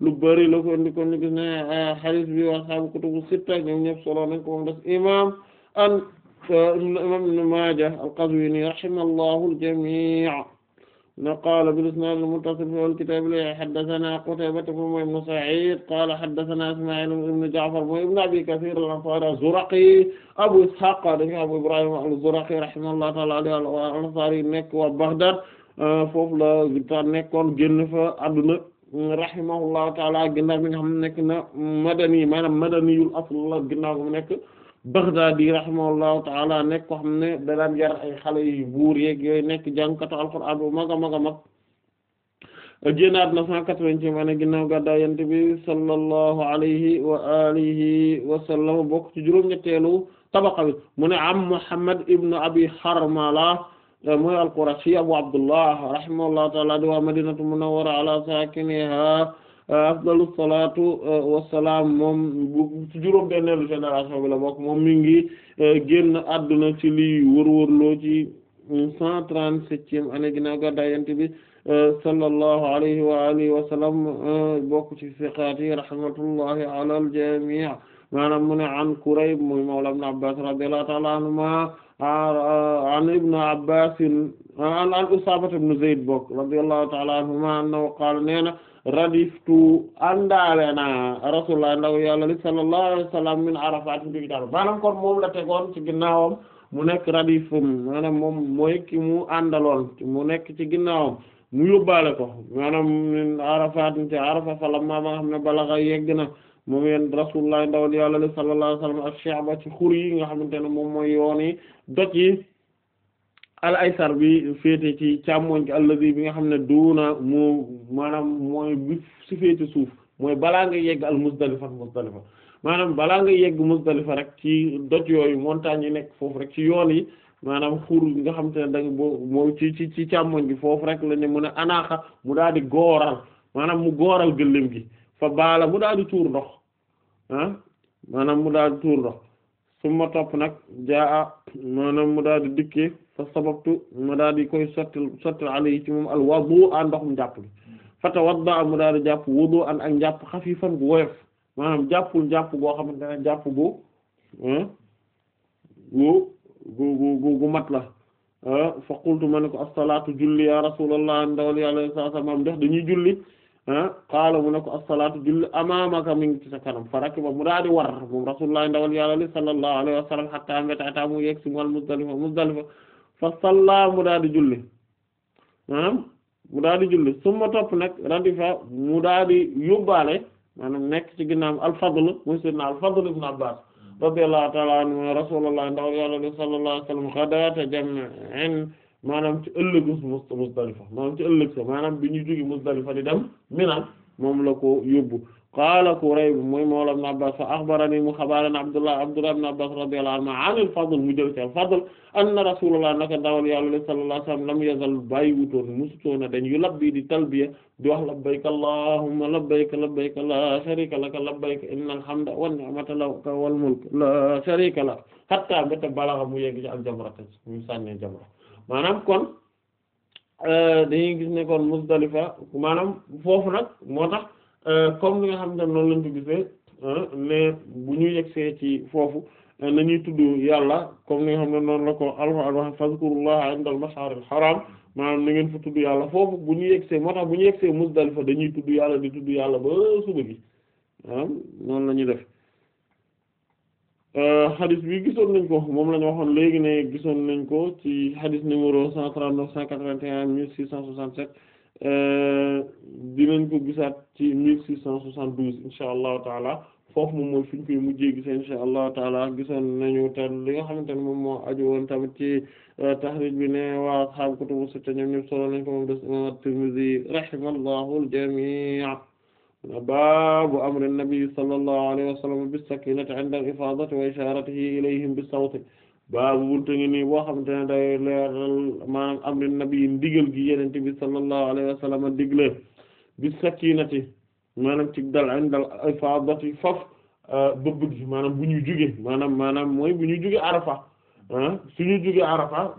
lu bari la ko indi kon ñu gis ne euh, hadith bi wa ashaabu kutubu sitta ñoom ñëpp solo nañ ko moom des imam an euh, imam ibn Maaja al-Qazwini rahimahullahu al-jamii' na qaala bil-isnaad al-muttasil fi al-kitaab li haddathanaa Qutaybata mooy ibn Sa'iid qaala haddathanaa Ismaa'iil ibn Ja'far mooy ibn Abii Kasiir al-Ansaari az-Zuraqi Abu Ishaaq dañu Abu Ibraahiim az-Zuraqi rahimahullahu ta'aala al-Ansaari nekk waa Baghdad euh, foofu la nekkoon génn fa àdduna rahimahullahu taala ginnaaw bi nga xam ne nekk na madani maanaam madaniyul asl la mu nekk Baghdadi rahimahullahu taala nekk ko xam ne da yar ay xale yu buur yeeg yooyu nekk jàngkatu alquraan bu mag a mag a mag génnaat na cent quatre-vingtième année ginnaaw gàddaay Yonent bi sallallahu alayhi wa alihi bokk ci juróom tabaqa bi mu ne am Muhammad ibn Abi Harmala mooy al-Qurashi Abu Abdullah rahimahullahu ta'ala di waa Madinatu Munawwara ala saakiniha afdalu salaatu wassalaam moom bu juróom-benneelu génération bi la bokk moom mi ngi e, génn àdduna ci li wërwërloo ci cent trente-septième année ginnaaw gàddaay Yonent bi e, sallallahu alayhi wa alihi wa sallam e, bokk ci siqaat yi rahmatullahi ala al-jamii' maanaam mu ne an Kurayb mooy mawla Ibn Abbaas radiyallahu ta'ala anhumaa Uh, an ibn Abbas an an Usaama ibn Zayd bokk radiyallahu ta'ala anhuma annahu qaala nee na radiftu àndaale naa Rasulullah ndaw yàlla li sallallahu alayhi wa sallam min Arafat bi maanaam kon moom la tegoon ci ginnaawam mu nekk radifum maanaam moom mooy ki mu àndaloon mu nekk ci ginnaawam mu yóbbaale ko maanaam min Arafat ci Arafa falamma ma xam ne balagha moom yeen rasulullah ndawal yàlla la sallallahu alayhi wasallam ash-shi'ba ci xur yi nga xamante ne moom mooy yooni doj yi al aysar bi féete ci càmmoñ gi allazi bi nga xam ne duuna mu maanaam mooy bi si féete suuf mooy balaa nga yegg al muzdalifa muzdalifa maanaam balaa nga yegg muzdalifa rek ci doc yooyu montagne yi nekk foofu rek ci yoon yi maanaam xur nga xam te ne da nga boo ci ci ci càmmoñ gi foofu rek la ne mu ne anaaxa mu daal di gooral maanaam mu gooral gëléem gi fa baala mu daal di tuur ndox ah maanaam mu daal di tuur ndox su ma topp nag jaa a maanaam mu daal di dikkee fa sababtu ma daal di koy sottil sottil alayhi ci moom al wudu a ndoxum jàpp bi fa tawadda mu daal di jàpp wudu an ak njàpp xafifan bu woyof maanaam jàppul njàpp goo xamante ne jàpp bu ah, gu gu gu gu mat la ah, fa qultu ma ko as-salaatu julli ya rasulullah ndawal yàlla sallallahu alayhi wasallam ndax dañuy julli qaala mu ne ko as-salaatu julli amaamaka mi ngi ci sa kanam fa rakiba mu daal war moom rasulullah ndawal yàlla li sallallahu alayhi wa sallam hatta mbétata mu yegg mu wàl Muzdalifa Muzdalifa fa salla mu daal julli maanaam mu daal julli summa topp nag radifa mu daal di yóbbaale nekk ci ginnaam al-Fadl muy sidna al-Fadl ibn Abbas radiyallahu ta'ala anhu rasulullah ndawal yàlla li sallallahu alayhi wa sallam maanaam ci ëllëgu Muzdalifa maanaam ci ëllëg sa maanaam bi ñu jóge Muzdalifa di dem Mina moom la ko yóbbu qaala Kurayb mooy mawla Ibn Abbas fa axbarani mu xabaarana Abdullah Abdullah ibn Abbas radiyallahu anhu an al-Fadl mu jël ci al-Fadl anna Rasulullah naka dawal yàlla sallallahu alayhi wa sallam lam yazal bàyyiwutoon musutoona dañ yu labbi di talbiya di wax labbayka allahumma labbayka labbayka la sharika laka labbayka innal hamda wan ni'mata laka wal mulk la sharika lak hatta mata balagha mu yegg ci al-jamra muy sànni jamra maanaam kon euh, dañuy gis ne kon Muzdalifa maanaam foofu nag moo tax euh, comme li nga xam ne noonu lañ ko gisee euh, ne bu ñu yegsee ci foofu nañuy tudd yàlla comme li nga xam ne noonu la ko Alxuraan wax fazkurullaha indal mash'aril haram maanaam na ngeen fa tudd yàlla foofu bu ñu yegsee moo tax bu ñu yegsee Muzdalifa dañuy tudd yàlla di tudd yàlla ba suba gi maanaam noonu la ñuy def xadis euh, bi gisoon nañ ko moom la ñu waxoon léegi ne gisoon nañ ko ci xadis numéro cent trente-neuf cent quatre-vingt-un mille six cent soixante-sept euh, dinañ ko gisaat ci mille six cent soixante-douze insha allahu taala foofu moom mooy fi ñu koy mujjee gisee insha allahu taala gisoon nañu te li nga xamante ne moom moo aju woon tamit ci euh, taxriij bi ne waa xaab kutubu sitta ñoom ñëpp solo nañ ko moom des imam at-Tirmidhi rahimahullahu al baabu amri nabi sallallahu alayhi wa sallam bis-sakiinati inda al-ifaadati wa ishaaratihi ilayhim bis-sawti baabu buntu ngi nii boo xamante ne day leeral maanaam amri nabi ndigal gi Yonent bi sallallahu alayhi wa sallam digle bis-sakiinati maanaam ci dal inda al-ifaadati faf bëbb gi maanaam bu ñu jóge maanaam maanaam mooy bu ñu jóge Arafa ah, su ñu jóge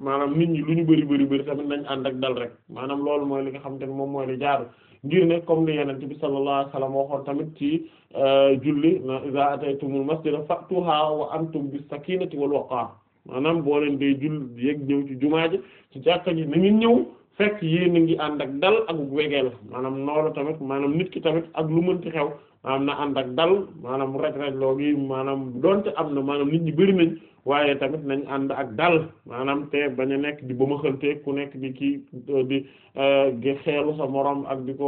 maanaam nit ñi lu ñu bari bari bari tamit nañ ànd ak dal rek maanaam loolu mooy li nga xamante ne moom mooy li jaaru ngir ne comme li yenente bi sallallahu alayhi wasallam waxoon tamit ci euh, julli na iza ataytumul masjida fa'tuha wa antum bis sakinati wal waqar maanaam boo leen dee jull yéeg ñëw ci jumaa ji ci jàkka ji na ngeen ñëw fekk yéen a ngi ànd ak dal ak wegeel maanaam noonu tamit maanaam nit ki tamit ak lu mënti xew maanaam na ànd ak dal maanaam raj-raj loo gi maanaam donte am na maanaam nit ñi bëri nañ waaye tamit nañ ànd ak dal maanaam te bañ a nekk di ba ma xëlte ku nekk di kii euh, di euh, di xeelu sa morom ak di ko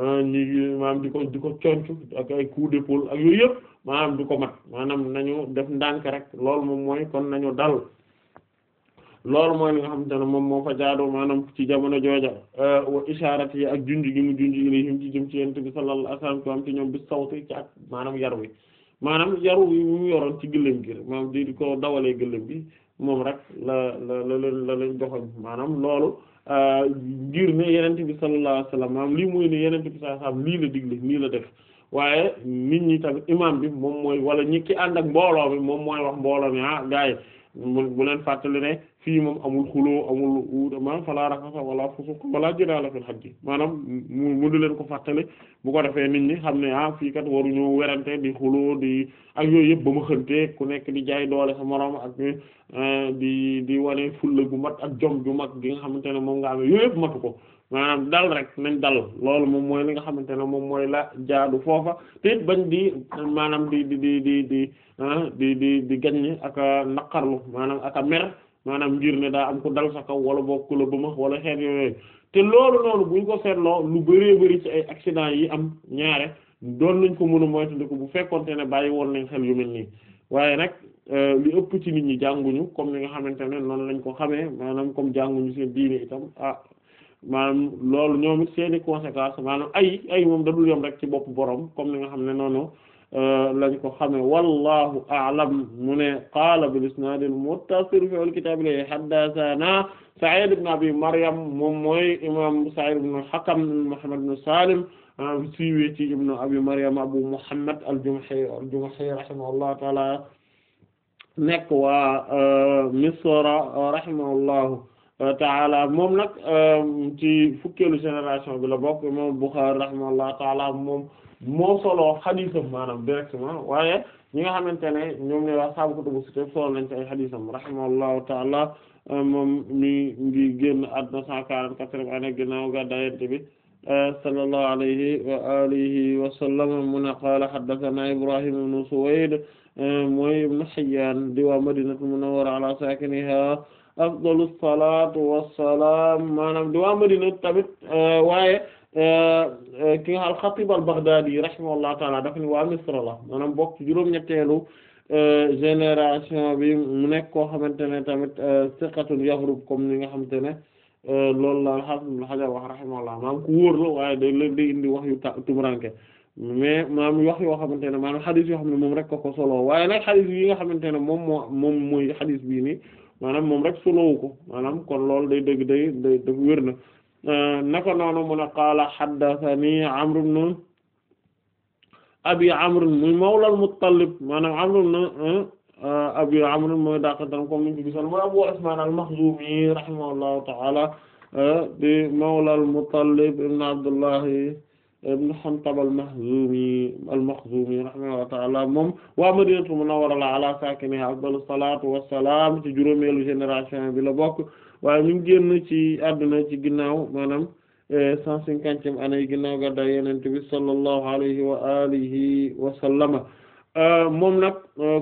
euh, ñi maanaam di ko di ko conc ak ay coup d'épaule ak yooyu yëpp maanaam du ko mat maanaam nañu def ndànk rek loolu moom mooy kon nañu dal loolu mooy li nga xamante ne moom moo fa jaadoo maanaam ci jamono jooja euh, wa isharat yi ak junj gi mu junj ci jëm ci yent bi sallallahu alayhi ci ñoom bi sawti ci ak maanaam yar wi maanaam yar wi mu yoroon ci gëléem gi maanaam di ko dawalee gëléem bi moom rek la la la la lañ joxoñ maanaam loolu euh, ngir ne yenent bi sallallahu alayhi wasallam maanaam lii mooy ne yenent bi sallallahu alayhi wasallam lii la digle nii la def waaye nit ñi tamit imam bi moom mooy wala ñi ki ànd ak mbooloo mi moom mooy wax mbooloo mi ah gars bu leen fàttali ne fii moom amul xuloo amul wuute maanaam falaa rafasa wala fusuq wala jidaala fil hajji maanaam mu mu di leen ko fàttali bu ko defee nit ñi xam ne ah fii kat waruñu werante di xuloo di ak yooyu yëpp ba ma xënte ku nekk di jaay doole sa moroom ak eh, di di wane fulla gu mat ak jom ju mag gi nga xamante ne moom nga amee yooyu yëpp matu ko maanaam dal rek nañ dal loolu moom mooy li nga xamante ne moom mooy la jaadu foofa te it bañ di maanaam di di di di di ah, di di di gaññ ak a naqarlu maanaam ak a mer maanaam ngir ne daa am ko dal sa kaw wala boo ku la ma wala xeet yooyu te loolu noonu buñ ko seetloo lu bëree bëri ci ay accident yi am ñaare doon nañ ko mën a moytandiku bu fekkonte ne bàyyi woon nañ xel yu mel nii waaye nag euh, li ëpp ci nit ñi jànguñu comme ni nga xamante ne noonu lañ ko xamee maanaam comme jànguñu seen diine itam ah, maanaam loolu ñoom it seeni conséquences maanaam ay ay moom da dul yom rek ci bopp borom comme ni nga xam ne noonu euh, lañ ko xamee wallahu a'lam mu ne qaala bil isnaad al muttasil fi al kitaab li haddathana Sa'id ibn Abi Maryam moom mooy imam Sa'id ibn al-Hakam Muhammad ibn Salim siiwee ci ibn Abi Maryam Abu Muhammad al-Jumahi al-Jumahi rahimahullahu ta'ala nekk waa euh, Misra rahimahullahu taala moom nag euh, ci fukkeelu génération bi la bokk imam Bukhari rahimahullah taala moom moo solo xadisam maanaam directement waaye ñi nga xamante ne ñoom ne waa saabu kutubu sitta solo lañ ci ay xadisam rahimahullahu taala euh, moom mi ngi génn àdduna cent quarante-quatre année ginnaaw gàddaay Yonent bi euh, sallallahu alayhi wa alihi wa sallam mu ne qaala haddathana Ibrahim ibn Suwayd mooy ibn Hayyan di waa Madinatul Munawwara ala saakiniha afdalu salaatu wassalaam maanaam di waa Madina tamit euh, waaye euh, euh, ki nga al Xatib al Baghdadi rahimahullahu taala dafa ni waa Misra la maanaam bokk juróom-ñetteelu génération bi mu nekk koo xamante ne tamit siqatun yahrub comme ni nga xamante ne loolu la Ibn Hajar wax rahimahullah maanaam ku wóor la waaye day leen indi wax yu ta tumuranke mais maanaam wax yoo xamante ne maanaam xadis yoo xam ni moom rek ko solo waaye nag xadis yi nga xamante ne moom moo moom mooy xadis bii nii maanaam moom rek solowu ko maanaam kon loolu day dëgg day day daf wér na euh, naka noonu mun a qaala haddathani Amr ibn Abi Amr muy mawla al-Muttalib maanaam Amr ibn euh, Abi Amr mooy daqatam comme niñ ko gisal mooy Abu Usman al-Makhzumi rahimahullahu ta'ala euh, di mawla al-Muttalib ibn Abdullahi ibn Hantab al-Makhzumi al-Makhzumi rahimahullahu ta'ala moom waa Madinatul Munawwara la ala saakinihaa afdalu salaatu wassalaam ci génération bi bokk waaye mi ngi génn ci àdduna ci ginnaaw maanaam e, cent cinquantième année yi ginnaaw gàddaay Yonent bi sallallahu alayhi wa alihi e, e,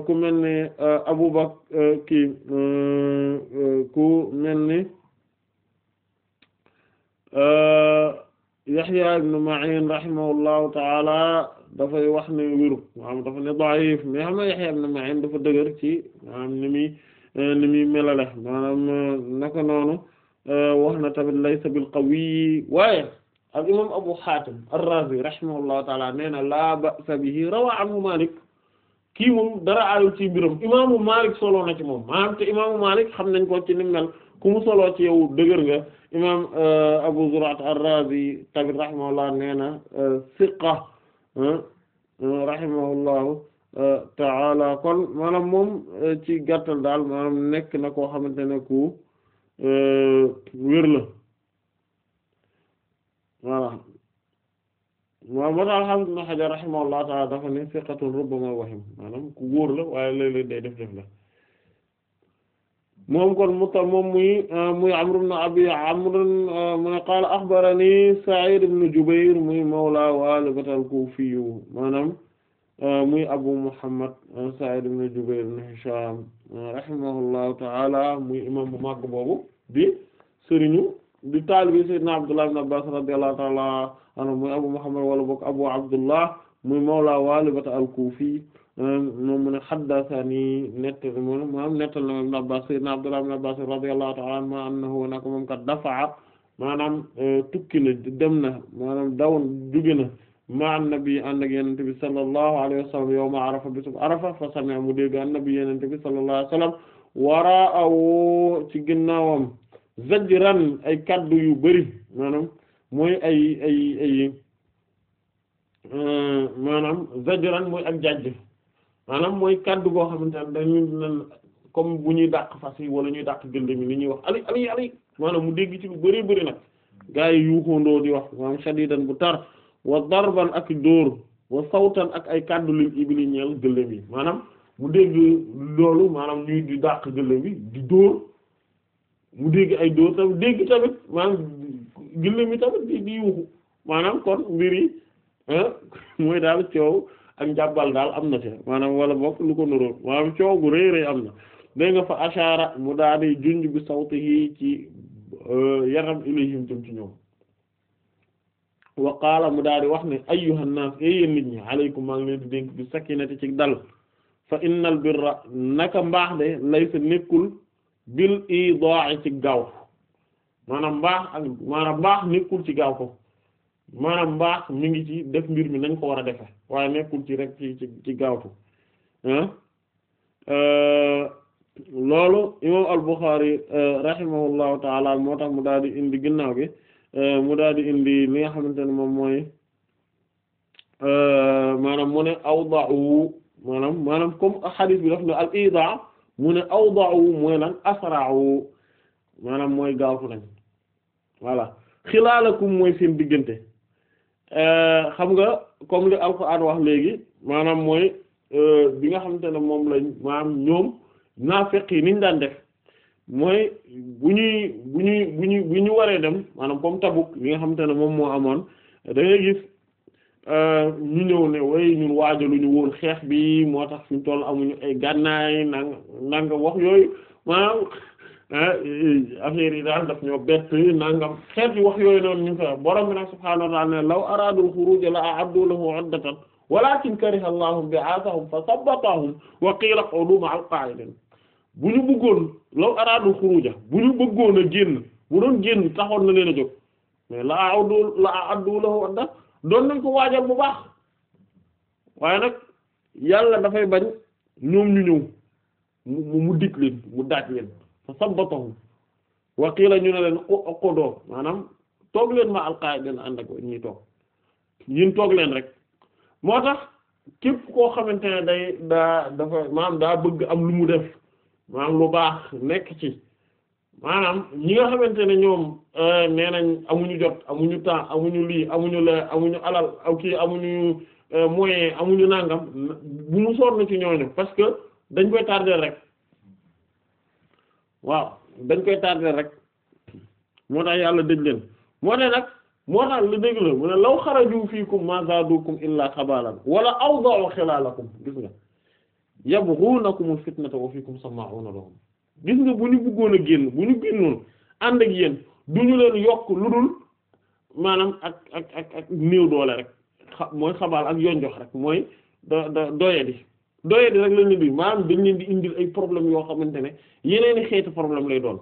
ku mel ni Abu ku mel Yahya ibn Ma'in rahimahullahu ta'ala dafay wax ne wéru maanaam dafa ne da'if mais xam nga Yahya ibn Ma'in dafa dëgër ci maanaam ni muy eh, ni muy melale maanaam eh, naka noonu eh, wax na tamit laysa bil qawi waaye al imam Abu Hatim ar-Razi rahimahullahu ta'ala nee na la ba'sa bihi rawa anhu Malik kii moom dara aayul ci mbiram imaamu Malik solo na ci moom maanaam te imaamu Malik xam nañ ko ci ni mel ku mu soloo ci yow dëgër nga imam euh, Abu Zur'at ar-Razi tamit rahimahullah nee na euh, siqa euh, rahimahullahu ta'ala kon maanaam moom ci gàttal daal maanaam nekk na koo xamante ne ku wér la voilà waaw moo tax alhamdulillah xajar rahimahullah ta'ala dafa ne siqatun rubbama wahim maanaam ku wóor la waaye léeg-léeg day def def la moom kon muta moom muy ah, muy Amr ibn Abi Amr ah, mu ne qaala axbarani Sa'id ibn Jubayr muy mawla Waalibat al-Kufi maanaam ah, muy Abu Muhammad Sa'id ibn Jubayr ibn Hisham rahimahullahu ta'ala muy imam bu màgg boobu di sëriñu di taalibi sayyidina Abdullah ibn Abbas radiyallahu ta'ala anhu muy Abu Muhammad wala bokk Abu Abdullah muy mawla Waalibat al-Kufi moom mu ne haddathani nettali moom moom nettali na Ibn Abbas sayyidina Abdullah ibn Abbas radiyallahu ta'ala anhuma annahu naka moom kat dafa maanaam e, tukki na dem na maanaam dawoon jóge na ma annabi ànd ak bi sallallahu alayhi wa sallam yawma arafa bisub arafa fa sami'a mu dégg annabi yenente bi sallallahu alayhi wa sallam ci ginnaawam zajran ay kaddu yu bari maanaam mooy ay ay e, mooy ak jajj maanaam mooy kaddu goo xamante ne dañu nan comme bu ñuy dàq fas yi wala ñuy dàq gëndëm yi li ñuy wax ali ali ali maanaam mu dégg ci lu bari bari nag gaa yi yuuxóondoo di wax maanaam shadidan bu tar wa darban ak dóor wa sawtan ak ay kaddu lil ibli ñeel gëléem yi maanaam mu dégg loolu maanaam ñuy di dàq gëléem yi di dóor mu dégg ay dóor tamit dégg tamit maanaam gëléem yi tamit di di yuuxu maanaam kon mbir yi ah, (laughs) mooy daal coow am njàbbal daal am na ci maanaam wala bokk lu ko nuróo maanaam coow gu rëy am na dégg nga fa ashaara mu daal di junj bi sawtihi ci euh, yaram ilayhim jëm ci ñoom wa qaala mu daal di wax ne ayyuhan naas ay yéen nit ñi aleykum maa ngi leen di dénk bi sakinati ci dal fa innal birra naka mbaax de laysa nekkul bil ida'i ci gaaw maanaam mbaax nekkul ci gaaw ko maanaam mbaax mi ngi ci def mbir mi nañ ko war a defe waaye nekkul ci rek ci ci gaawtu euh, loolu imam al-Bukhari euh, rahimahullahu taala moo tax mu daal di indi ginnaaw gi euh, mu daal di indi mi nga xamante ne moom mooy maanaam mu ne awda'u maanaam maanaam comme xadis bi daf ne al idaa mu ne awda'u mooy lan asra'u maanaam mooy gaawtu nañ voilà xilaalakum mooy seen diggante Euh, xam nga comme li alxuraan wax léegi maanaam mooy euh, bi nga xam xamante na moom lañ maanaam ñoom naafeq yi niñ daan def mooy bu ñuy bu ñuy bu ñuy bu ñu waree dem maanaam comme Tabuk bi nga xamante ne moom moo amoon da ngay gis euh, ñu ñëw ne way ñun waajaluñu woon xeex bi moo tax suñ toll amuñu ay gànnaay nang nanga wax yooyu maanaam Eh, eh, affaire yi daal daf ñoo bett nangam xeet yi wax yooyu noonu ñu ngi koy borom bi nag subhaanahu wa ta'aala ne law araadul xuruuja la a'addu lahu 'iddatan walaakin kariha Allahu bi'aasahum fa sabbatahum wa qiila qa'udu ma'al qaa'idiin bu ñu bëggoon law araadul xuruuja bu ñu bëggoon a génn bu doon génn taxoon na leen a jóg mais la a'addu la a'addu lahu 'iddatan doon nañ ko waajal bu baax waaye nag yàlla dafay bañ ñoom ñu ñëw mu mu dikk leen mu daaj leen. fa sabbatahu wa qila ñu ne leen uqudoo maanaam toog leen ma alqaa'idin ànd ak ñuy toog ñun toog leen rek moo tax képp koo xamante ne day daa dafa maanaam daa bëgg am lu mu def maanaam lu baax nekk ci maanaam ñi nga xamante ne ñoom euh, nee nañ amuñu jot amuñu temps amuñu lii amuñu la amuñu alal ak kii amuñu euh, moyen amuñu nangam bu mu sonn ci ñooñu parce que dañ koy tardé rek waaw dañ koy tardé rek moo tax yàlla dëj leen moo ne nag moo tax lu dëgg la mu ne law xaraju fiikum ma zaadukum illaa xabaalan wala awda'u xilaalakum gis nga yabghunakumul fitnata wa fiikum sama'una lahum gis nga bu ñu bëggoon a génn bu ñu génnoon ànd ak yéen du ñu leen yokk lu dul maanaam ak ak ak néew doole rek mooy xabal ak yonjox rek mooy da da doye doyadi rek lañ leen di maanaam dañ leen di ay problème yoo xamante ne yeneeni xeeti problème lay doon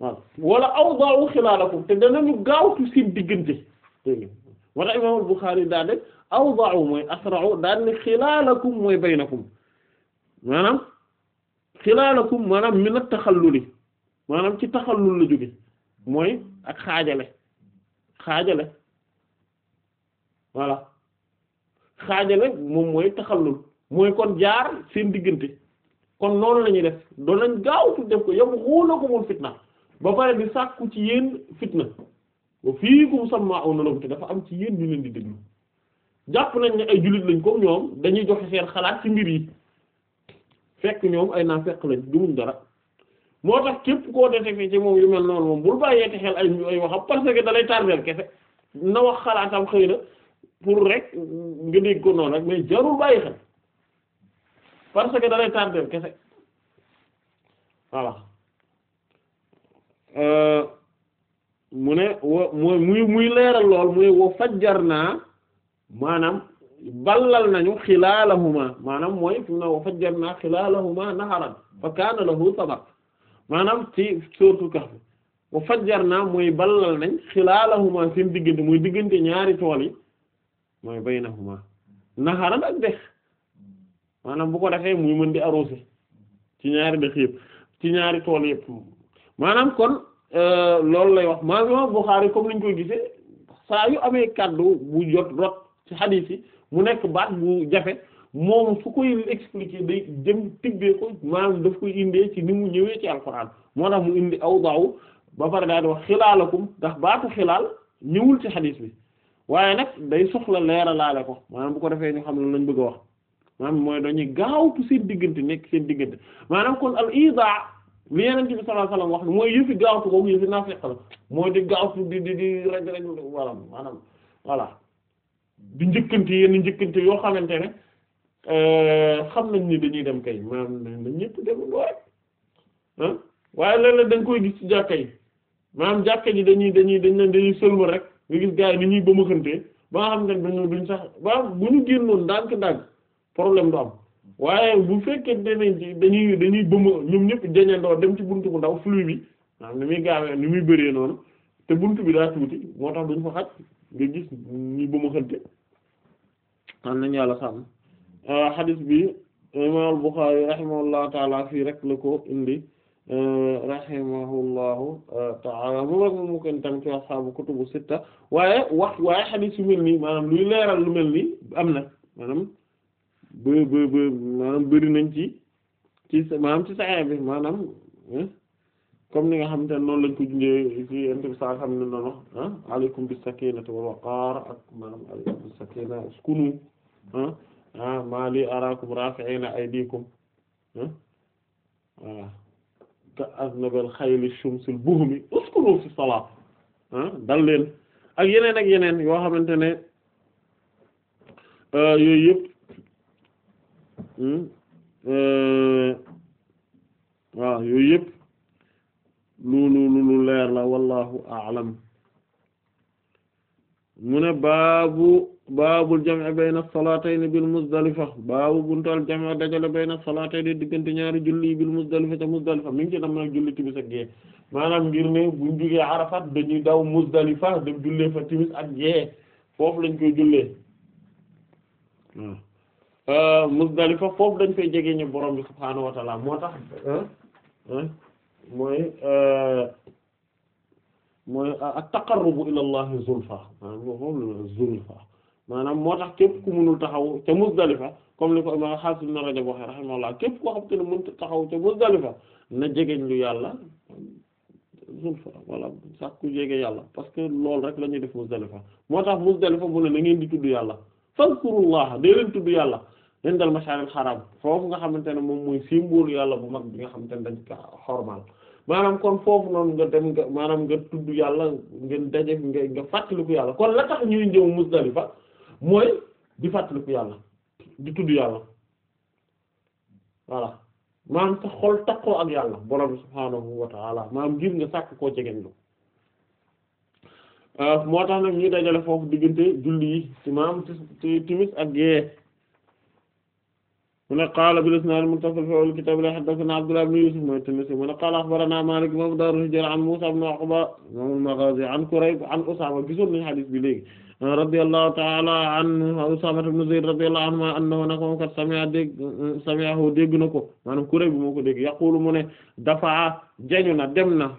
waaw wala aw daawu xilaalakum te danañu gaawtu seen diggante dégg wala imaam al-Bukhari daa mooy asra'u daal ne xilaalakum mooy baynakum maanaam xilaalakum maanaam min at-taxalluli maanaam ci taxallul la jóge mooy ak xaajale xaajale voilà xaajale moom mooy taxallul mooy kon jaar seen diggante kon noonu la ñuy def doon nañ gaaw tuuti def ko yam xuuna ko mun fitna ba pare di sàkku ci yéen fitna ba fii ku musamma aw na la te dafa am ci yéen ñu leen di déglu jàpp nañ ne ay jullit lañ ko ñoom dañuy joxe seen xalaat ci mbir yi fekk ñoom ay naa fekk lañ gëmuñ dara moo tax képp koo defee ci moom yu mel noonu moom bul bàyyee te xel ay ay waxam parce que dalay tardeel kefe na wax xalaatam xëy na pour rek nga dégg ko noonu rek mais jarul parce que da lay tardeel kese voilà euh, mu ne wa muy muy leeral lool mu ne wa fajjar naa maanaam ballal nañu xilaalahuma maanaam mooy fi mu ne wa fajjar naa xilaalahuma naharan fa kaana lahu sabab maanaam ci sourate Kahf wa fajjar naa mooy ballal nañ xilaalahuma seen diggante muy diggante ñaari tool yi mooy baynahuma naharan ak dex maanaam bu ko defee muy mën di arrosé ci ñaari dëkk yëpp ci ñaari tool yëpp maanaam kon euh, loolu lay wax maanaam Bukhari comme niñ koy gisee saa yu amee kàddu bu jot rot ci hadith yi mu nekk baat bu jafe moom su koy expliquer day jëm tibbee ko maanaam daf koy indee ci ni mu ñëwee ci alxuraan moo mu indi aw daaw ba pare daan di wax xilaalakum ndax baatu xilaal ñëwul ci hadith bi waaye nag day soxla leeralaale ko maanaam bu ko defee ñu xam ne lañ bëgg a wax. maanaam mooy dañuy gaawtu seen diggante nekk seen diggante maanaam kon al ida li yeneen bi sallallahu alayhi wasallam wax mooy yëfi gaawtu ko yëfi naafeq la mooy di gaawtu di di di raj raj walla maanaam voilà di njëkkante yenn njëkkante yoo xamante ne euh, xam nañ ni dañuy dem kay maanaam dañ ñëpp dem doole ah waaye léeg-léeg dañ koy gis ci jàkka yi maanaam jàkka ji dañuy dañuy dañ leen dañuy sëlma rek nga gis gars yi ni ñuy ba ma ba nga xam ne dañu duñ sax ba bu ñu génnoon ndànk problème du am waaye bu fekkee dañuy dañuy dañuy bëma ñoom ñëpp jañandoo dem ci buntu bu ndaw flux bi nga xam ni muy gaawee ni muy bëree noonu te bunt bi daa tuuti moo tax duñ fa xaj nga gis ñu bëma xante yàlla sàmm euh, xadis bi imam al-Bukhari rahimahullahu taala fii rek la ko indi euh, rahimahullahu euh, taala mu rek mu ko tam ci ashaabu kutubu sitta waaye wax waaye xadis yu mel nii maanaam luy leeral lu mel nii am na maanaam ba ba ba maanaam bëri nañ ci ci maanaam ci saxee bi maanaam comme ni nga xamante ne noonu lañ ko junjee ci ent bi saa xam ne noonu ah aleykum bis sakinati wal waqaar ak maanaam aleykum uskunu ah araakum rafi'ina aydikum ka aznabal xayli shumsil buhumi uskunu fi dal leen ak yeneen ak yeneen yoo xamante ne euh, yooyu yëpp Hmm? Euh, waaw yooyu yëpp lu lu lu leer la wallahu a'lam mu ne baabu baabul jam'i bayna salaatayni bil muzdalifa baabu buntal jam'i dajale bayna salaatayni diggante ñaari julli bil muzdalifa ca muzdalifa mi ngi ci dama nag julli timis ak gee maanaam ngir ne buñ jugee arafat daw muzdalifa dem jullee fa timis ak gee foofu lañ koy jullee Euh, Muzdalifa foofu dañ fay jege ñu borom bi subhaanahu wa ta'ala moo tax mooy euh, mooy at-taqarrubu ila zulfa maanaam moo tax képp ku mënul taxaw ca Muzdalifa comme li ko imam Hafiz taxaw ca Muzdalifa na jegeñ lu yàlla zulfa wala sax jege yàlla parce que loolu rek la ñuy def Muzdalifa moo tax Muzdalifa mu ne na di tudd yàlla fazkurullaha dee leen tudd yàlla indal masharil haram foofu nga xamante ne moom mooy symbole yàlla bu mag bi nga xamante ne dañ ko xormaal maanaam kon foofu noonu nga dem nga tudd yàlla ngeen daje nga nga fàttaliku yàlla kon la tax ñuy ñëw Musdalifa mooy di fàttaliku yàlla di tudd yàlla voilà maanaam sa xol takkoo ak yàlla borom subhaanahu wa ta'ala maanaam ngir nga sàkk koo jegeñ lu euh, moo tax nag ñuy dajale foofu diggante julli yi ci maanaam timis ak gée mu ne qaala bil isnaad muttasil fi awwal kitaab la haddathana Abdullah ibn Yusuf mooy Tinnisi mu ne qaala akhbarana Maalik moom Daaru Hijra an Muusaa ibn Uqba moom al-Maghaazi an Kurayb an Usaama gisoon nañu hadiis bi léegi radiyallahu ta'ala anhu Usaama ibn Zayd radiyallahu anhu annahu nag moom kat sami'a dégg sami'ahu dégg na ko maanaam Kurayb moo ko dégg yaqulu mu ne dafa jañu na dem na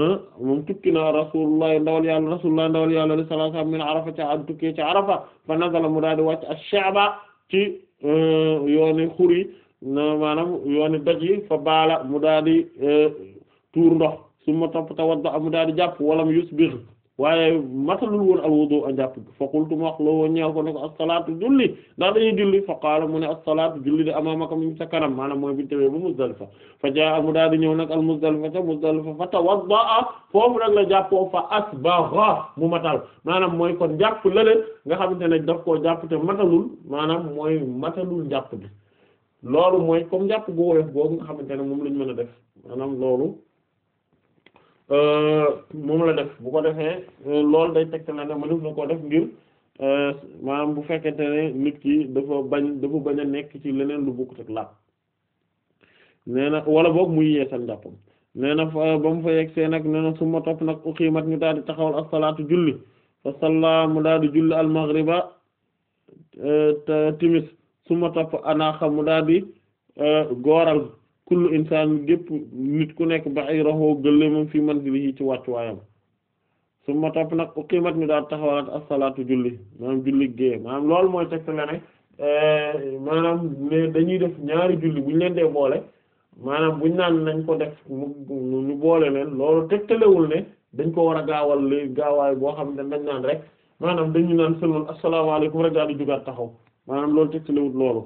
ah, moom tukki na rasulullah ndawal yàlla rasulullah ndawal yàlla sallallahu alayhi wa sallam min Arafa ca tukki ca Arafa fa nazala mu daal di wàcc ash-Sha'ba ci Euh, yooni xur yi maanaam yooni doj yi fa baala mu daal di euh, tuur ndox su ma topp tawadda mu daal di jàpp walam yusbir waaye matalul woon al wudu a njàpp fa qultu ma wax la ñeew ko ne ko as-salaatu julli ndax dañuy julli fa qaala mu ne as-salaatu julli de amaamaka mi ngi sa kanam maanaam mooy bi demee ba Muzdalifa fa jaa mu daal di ñëw nag al Muzdalifa ca Muzdalifa fa tawaddaa foofu nag la jàppoo fa asbagha mu matal maanaam mooy kon njàpp lale nga xamante ne daf koo jàpp te matalul maanaam mooy matalul njàpp bi loolu mooy comme njàpp gu googu nga xamante ne moom lañ mën a def maanaam loolu moom la def bu ko defee euh, loolu day tegte na ne mënef na ko def ngir euh, maanaam bu fekkente ne nit ki dafa bañ dafa bañ a nekk ci leneen lu bokkut ak laab nee na wala boog muy yeesal njàppam nee na fa ba mu fa yegsee nag nee na su ma topp nag uqiimat ñu daal di taxawal as-salaatu julli fa salla mu daal di julli al-maghriba euh, timis su ma topp anaaxa mu daal di gooral kullu insaan gépp nit ku nekk ay ba'irahu gëléemam fi manzilihi ci wàccuwaayam ma topp nag uqimat ñu daal taxawalaat as-salaatu julli maanaam julli gée maanaam loolu mooy teg la ne eh, maanaam dañuy def ñaari julli bu ñu leen dee maanaam buñ naan nañ ko def boole leen loolu tegtalewul dañ ko war a gaawal li gaawaay boo xam ne dañ naan rek maanaam dañu naan sëlmal asalaamaaleykum rek daal di jugaat taxaw maanaam loolu tegtalewul loolu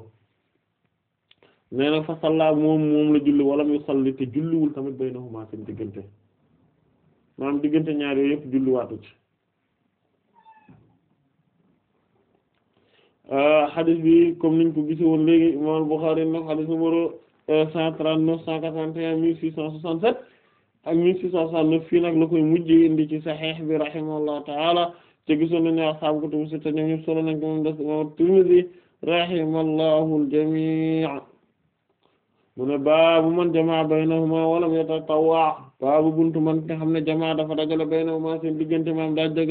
nee na fa salla moom moom la julli wala mu salli te julliwul tamit baynahuma seen diggante maanaam diggante ñaar yooyu yëpp julliwaatu ci xadis euh, bi comme niñ ko gisi woon léegi imam Bukhari nag xadis numéro euh, cent trente-neuf cent quatre-vingt-un mille six cent soixante-sept ak mille six cent neuf fii nag la koy mujjee indi ci Sahih bi rahimahullahu ta'ala te gisoon nañu ashaabu kutubu sitta ko moom des imam mu ne baabu man jamaa baynahuma wala mu yatatawwa baabu buntu man nga xam ne jamaa dafa dajale baynahuma seen diggante maam daa da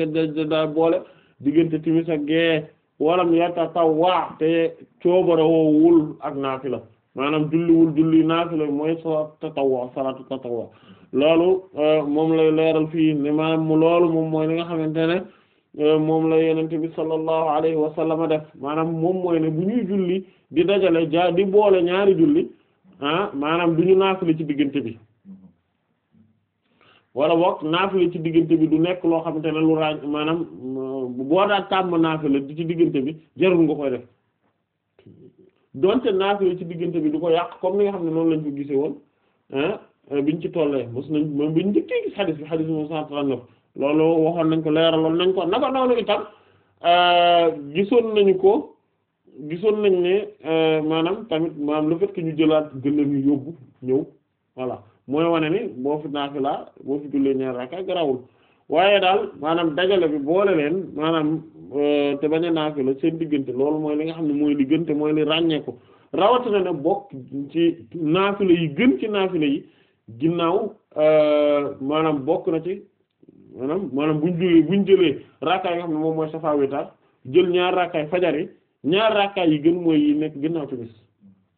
daa boole diggante timis ak gee wala mu yatatawwa te coobara woowul ak naafila maanaam julliwul julli naafila mooy salaatu tatawwa salaatu tatawwa loolu euh, moom lay leeral fii ne maanaam mu loolu moom mooy li nga xamante ne euh, moom la yenente bi sallallahu alayhi wa sallam def maanaam moom mooy ne bu ñuy julli di dajale ja di boole ñaari julli ah maanaam du ñu naafila ci diggante bi wala boog naafila ci diggante bi du nekk loo xamante ne lu ràññ maanaam euh, boo daal tàmm naafila di ci diggante bi jarul nga koy def donte naafila ci diggante bi du ko yàq comme ni nga xam ne noonu lañ ko gisee woon ah euh, biñ ci tollee mos nañ bi biñ njëkkee gis xadis bi xadis moom cent trente-neuf loolu waxoon nañ ko leeraloon nañ ko naka noonu itam euh, gisoon nañu ko gisoon nañ ne euh, maanaam tamit maanaam le fait que ñu jëlaat gëléem yi yóbbu ñëw voilà mooy wane ni boo fi naafila boo fi jullee ñaar raaka garawul waaye daal maanaam dajale bi boole leen maanaam euh, te bañ a naafila seen diggante loolu mooy li nga xam ne mooy li gën mooy li ràññeeku rawatina ne bokk ci naafila yi gën ci naafila yi ginnaaw euh, maanaam bokk na ci maanaam maanaam buñ jógee buñ jëlee raakaay nga xam ne moom mooy safa witar jël ñaar raakaay fajar yi ñaar rakkaay yi gën mooy yi nekk ginnaaw timis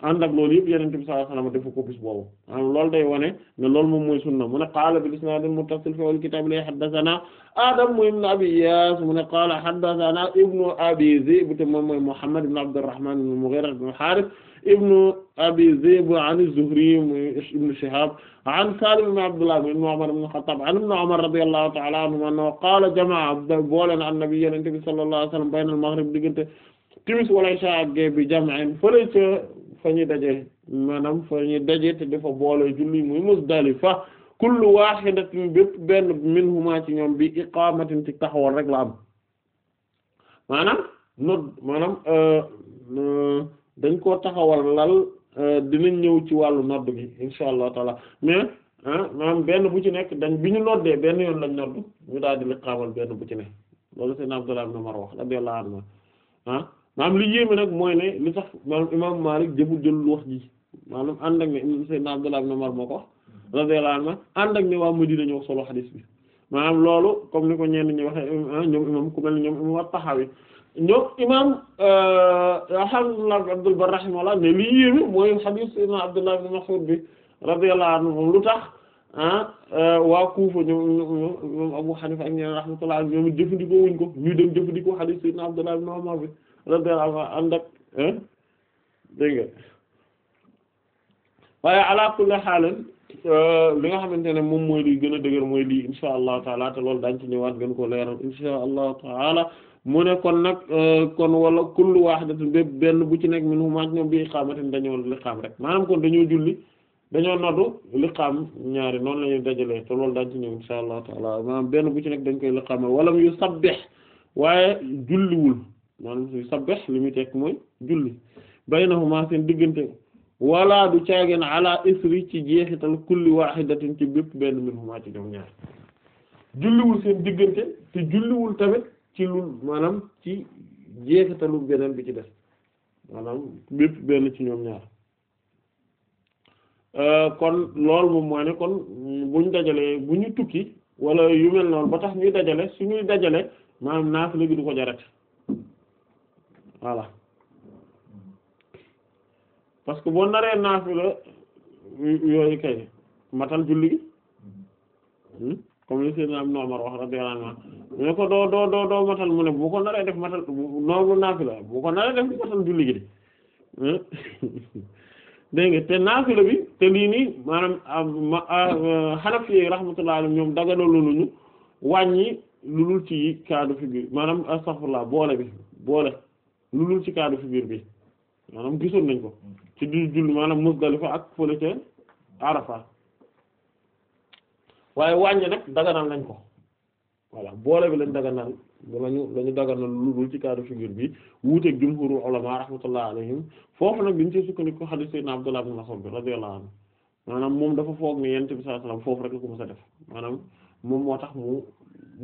ànd ak loolu yëpp yenente bi sallallahu alayhi wasallam defu ko bis boobu am loolu day wone ne loolu moom mooy sunna mu ne qaala bil isnaadil muttasil fi al kitaab li haddathana adam ibn abi iyaas mu ne qaala haddathana ibnu abi zib te moom mooy muhammad ibn abdurrahman ibn mughira ibn harith ibnu abi zib an az-zuhri ibn shihab an salim ibn abdullah ibn umar ibn khattab an ibn umar radiyallahu ta'ala anhuma qaala jamaa boole na an nabi yenente bi sallallahu alayhi wasallam bayna al maghrib diggante timis wala isha ak bi jam'an fële ca fa ñuy daje maanaam fa ñuy daje te dafa boole julli muy Muzdalifa kullu wahidatin bépp benn minhuma ci ñoom bi iqamatin ci taxawal rek la am maanaam nodd maanaam euh, euh, dañ koo taxawal lal euh, dinañ ñëw ci wàllu nodd gi insha allah taala mais maanaam benn bu ci nekk dañ bi ñu noddee benn yoon lañ nodd ñu daal di liqaamal benn bu ci nekk loolu seen Abdullah ibn Umar wax radiyallahu anhu ah maanaam li yéeme nag mooy ne li tax maanaam imam Malik jëful jëlul wax ji maanaam ànd ak ne Seydina Abdullah ibn Umar moo ko wax radiyallahu anhu ànd ak ne waa Madina ñoo solo xadiis bi maanaam loolu comme ni ko ñenn ñi waxee ah, ñoom imam ku mel ne ñoom imam at euh, li yéeme mooy xadiis Seydina Abdullah ibn lu tax ah euh, waa Kufa ñoom ñoom Abu Hanifa ak ñeneen rahmatullah ñoom jëfandikoo wuñ ko ñu dem jëfandikoo xadiis Seydina Abdullah ibn Umar bi radiyallahu anhu ànd ak dégg nga waaye ala kulli xaalan euh, li nga xamante ne moom mooy li gën a dëgër mooy lii insha allahu taala te loolu daañu ci ñëwaat gën ko leeral insha allahu taala mu ne kon nag euh, kon wala kullu wahidatin bépp benn bu ci nekk min huma ñoom bi iqaamatin dañoo liqaam rek maanaam kon dañoo julli dañoo noddu liqaam ñaari noonu la dajalee te loolu daañu ci ñëw insha benn bu ci nekk dañ koy liqaam walam yu sabbih waaye julliwul maanaam sabbih li muy teg mooy julli baynahuma seen diggante wala du caageen ala isri ci jeexital kulli wahidatin ci bépp benn minhuma ci ñoom ñaar julliwul seen diggante te julliwul tamit ci lu maanaam ci jeexitalu beneen bi ci def maanaam bépp benn ci ñoom ñaar euh, kon loolu moom mooy ne kon buñ dajalee bu ñu tukki wala yu mel noonu ba tax ñuy dajale su suñuy dajale maanaam naafila gi du ko jarat voilà parce que boo naree la yooyu kay matal julli gi hmm? comme li Seydina Ibn Umar wax radiyallahu anhu mu ne ko mu ko naree def matal noonu naafila bu ko naree def matal julli gi de hmm? (laughs) dégg nga te naafila bi te lii nii maanaam Hanafi rahmatullahi alayhim ñoom dagalooluñu wàññi lu dul ci kaadu fi bi maanaam astaghfirullah boole bi boole lu dul ci kaadu fi biir bi maanaam gisoon nañ ko ci di julli maanaam Muzdalifa ak fële ca Arafa waaye wàññi nag daganal nañ ko voilà boole bi lañ daganal lañu lañu daganal lu dul ci kaadu fi biir bi wuuteeg jumhurul ulama rahmatullah alayhim foofu nag biñ ci sukkandiku ko hadith sayyidina Abdullah ibn Mas'ud bi radiyallahu anhu maanaam moom dafa foog ne yonent bi sallallahu alayhi wasallam foofu rek la ko mës a def maanaam moom moo tax mu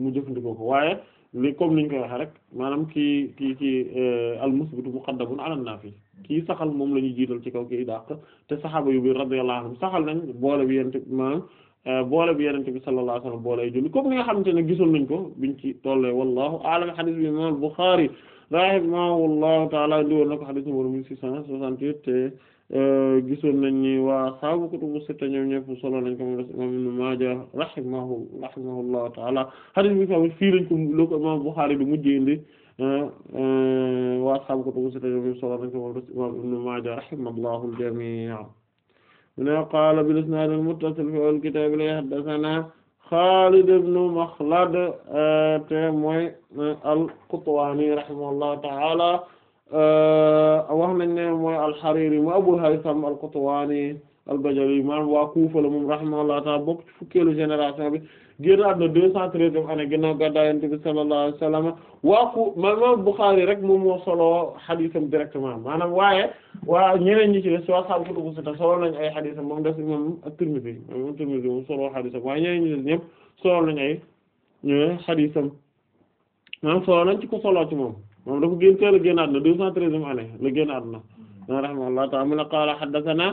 mu jëfandikoo ko waaye li comme ni ñu koy waxee rek maanaam kii kii kii euh, almusbitu muqaddamun ala nafi kii saxal moom la ñuy jiital ci kaw kii dàq te saxaaba yu bi radiyallahu anhum saxal nañ boole bi yenente maanaam euh, boole bi yenente bi sallallahu alayhi wasallam boole julli comme ni nga xamante ne gisoon nañ ko biñ ci tollee wallahu a'lam xadis bi imam al-Bukhari rahimahullahu ta'ala indi woon na ko xadis numéro mille six cent soixante-huit Euh, gisoon nañ ni waa saabu kutubu sitta ñoom ñëpp solo nañ ko mu des imam Ibn Maaja rahimahu rahimahullahu taala hadith bi fa fii lañ ko lo ko imam Bukhari bi mujjee indi euh, euh, waa saabu kutubu sitta ñoom ñëpp solo nañ ko mu des imam Ibn Maaja rahimahullahu al-jamii' mina qaala bil isnaad al-muttasil fi al-kitaab li haddathana Xaalid ibn Maxlad te mooy al-Qutwaani rahimahullahu taala wax nañ ne mooy al-Hariri mu Abu Haytham al-Qutwani al-Bajali maanaam waa Kufa la moom rahimahullahu ta'ala bokk ci fukkeelu génération bi génn àdduna deux cent treize def année a gàddaay Yonent bi sallallahu alayhi waa ku maanaam Bukhari rek moom moo solo xadiisam directement maanaam waaye waa ñeneen ñi ci des waa saabu kutubu sitta solo nañ ay xadiisam moom des moom at-Tirmidhi moom at-Tirmidhi moom solo xadiisam nañ ci ko solo ci moom moom dafa gën teel a génn àdduna deux cent treizième année la génn àdduna rahimahullahu ta'ala mu ne qaala haddathana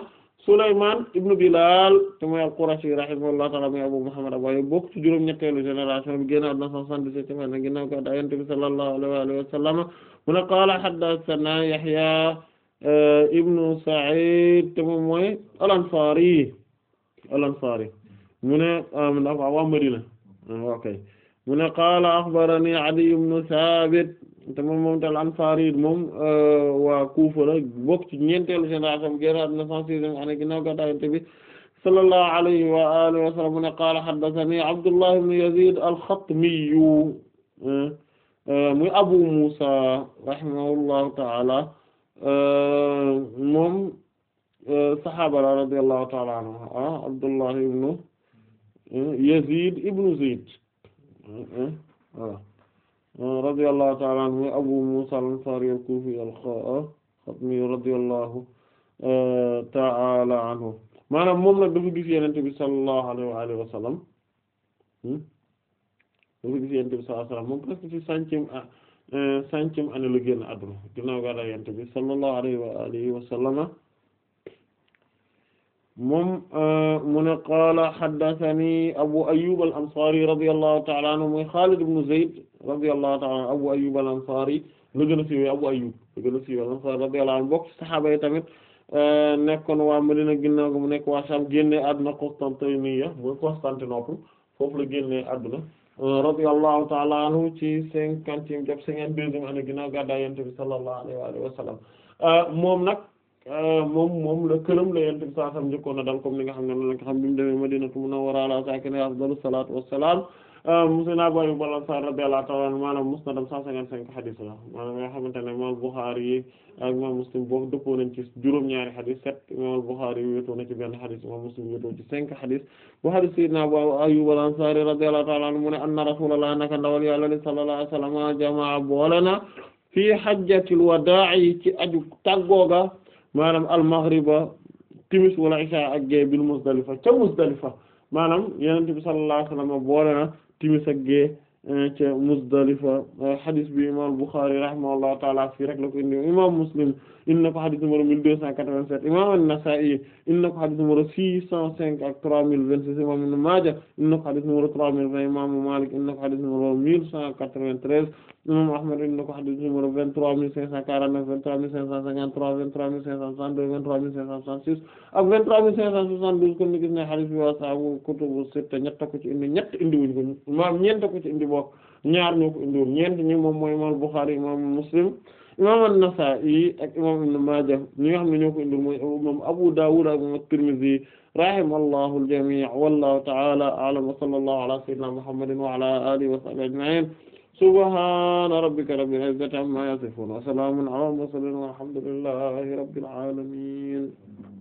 Sulaymaan ibnu Bilaal te mooy al-Qurashi rahimahullahu ta'ala mooy Abu Muhammad waaye bokk ci juróom-ñetteelu génération bi génn àdduna cent soixante-dix-septième année ginnaaw ko da Yonent bi sallallahu alayhi wa sallam mu ne qaala haddathana Yahya eh, ibnu Sa'id te moom mooy al-Ansari al-Ansari ah, mu ne waa Madina ah, okay mu ne qaala akhbarani Adiy ibnu Thabit te moom moom tal Ansaari moom euh, waa Kufa la bokk ci ñeenteelu génération bi génn àdduna cent sixième année ginnaaw gàddaay Yonent bi sallallahu alayhi wa alihi wa sallam mu ne qaala haddathani Abdullah ibn Yazid al-Khatmi euh, muy Abu Musa rahimahullahu ta'ala euh, moom saxaaba la radiyallahu ta'ala anhu ah Abdullah ibn Yazid ibn Zayd voilà radiyallahu ta'ala anhu Abu Musa al-Ansari al-Kufi al-Khatmi radiyallahu eh, ta'ala anhu maanaam moom nag dafa gis Yonent bi sallallahu alayhi wa alihi wa sallam hmm? dafa gis Yonent bi sallallahu alayhi wa sallam moom presque ci cinquième ah, eh, cinquième année la génn àdduna ginnaaw gàddaay Yonent bi sallallahu alayhi wa alihi wa sallama moom euh, mu ne qaala haddathani abu ayyub al-ansari radiyallahu ta'ala anhu mooy xaalid ibn zayd radiyallahu ta'ala abu ayyub al-ansari la gën a siiwee abu ayyub la gën a siiwee al-ansari radiyallahu anhu bokk saxaaba yi tamit euh, nekkoon waa Madina ginnaaw gu mu nekk waa Sham génne àdduna Constantinople mooy Constantinople foofu la génne àdduna euh, radiyallahu ta'ala anhu ci cinquantième jàpp cinquante-deuxième année ginnaaw gàddaay Yonent bi sallallahu alayhi wa sallam moom nag Euh, moom moom la këram la yonent bi sallallahu alayhi wasallam njëkkoon a dal comme ni nga xam ne la nga xam bi mu demee Madinatu Munawwara ala saakinihaa afdalu salaatu wassalaam euh, ne imaam Bukhari yi ak imaam Muslim boobu dëppoo ci juróom-ñaari xadis sept imaam Bukhari yi wéetoo na ci benn xadis imaam Muslim wéetoo ci cinq xadis bu xadis sayyidina Abu mu ne anna Rasulullah naka ndawal Yàlla sallallahu alayhi wa sallam jamaa boole na fii hajjatil wadaa' ci aju tàggooga maanaam al maghriba timis wala isha ak gée bil Muzdalifa ca Muzdalifa maanaam Yonent bi sallallahu alayhi wa sallam boole na timis ak gée eh, ca Muzdalifa hadis bi imam Bukhari rahimahullahu taala fii rek la ko indi imam Muslim indi na ko xadis numéro mille deux cent quatre-vingt-sept imam an-Nasa'i indi na ko xadis numéro six cent cinq trois mille vingt-six imam Ibn Maaja indi ko xadis numéro trois mille vingt imam Malik indi ko xadis numéro mille cent quatre-vingt-treize imam Ahmad indi ko xadis numéro vingt-trois mille cinq cent quarante-neuf vingt-trois mille cinq cent cinquante-trois vingt-trois mille cinq cent cent six ak vingt-trois mille cinq cent soixante-douze kon ni xadis imam an-Nasa'i ak imam Ibn Maaja ñi nga xam ne ñoo ko indi mooy imam Abu Dawud ak imam at-Tirmidhi rahimallahu al-jami' wallahu ta'ala a'lam wa sallallahu ala sayyidina Muhammadin wa ala alihi wa sahbihi ajma'in subhana rabbika rabbil izzati amma yasifun wa salamun ala al-mursalin walhamdulillahi rabbil alamin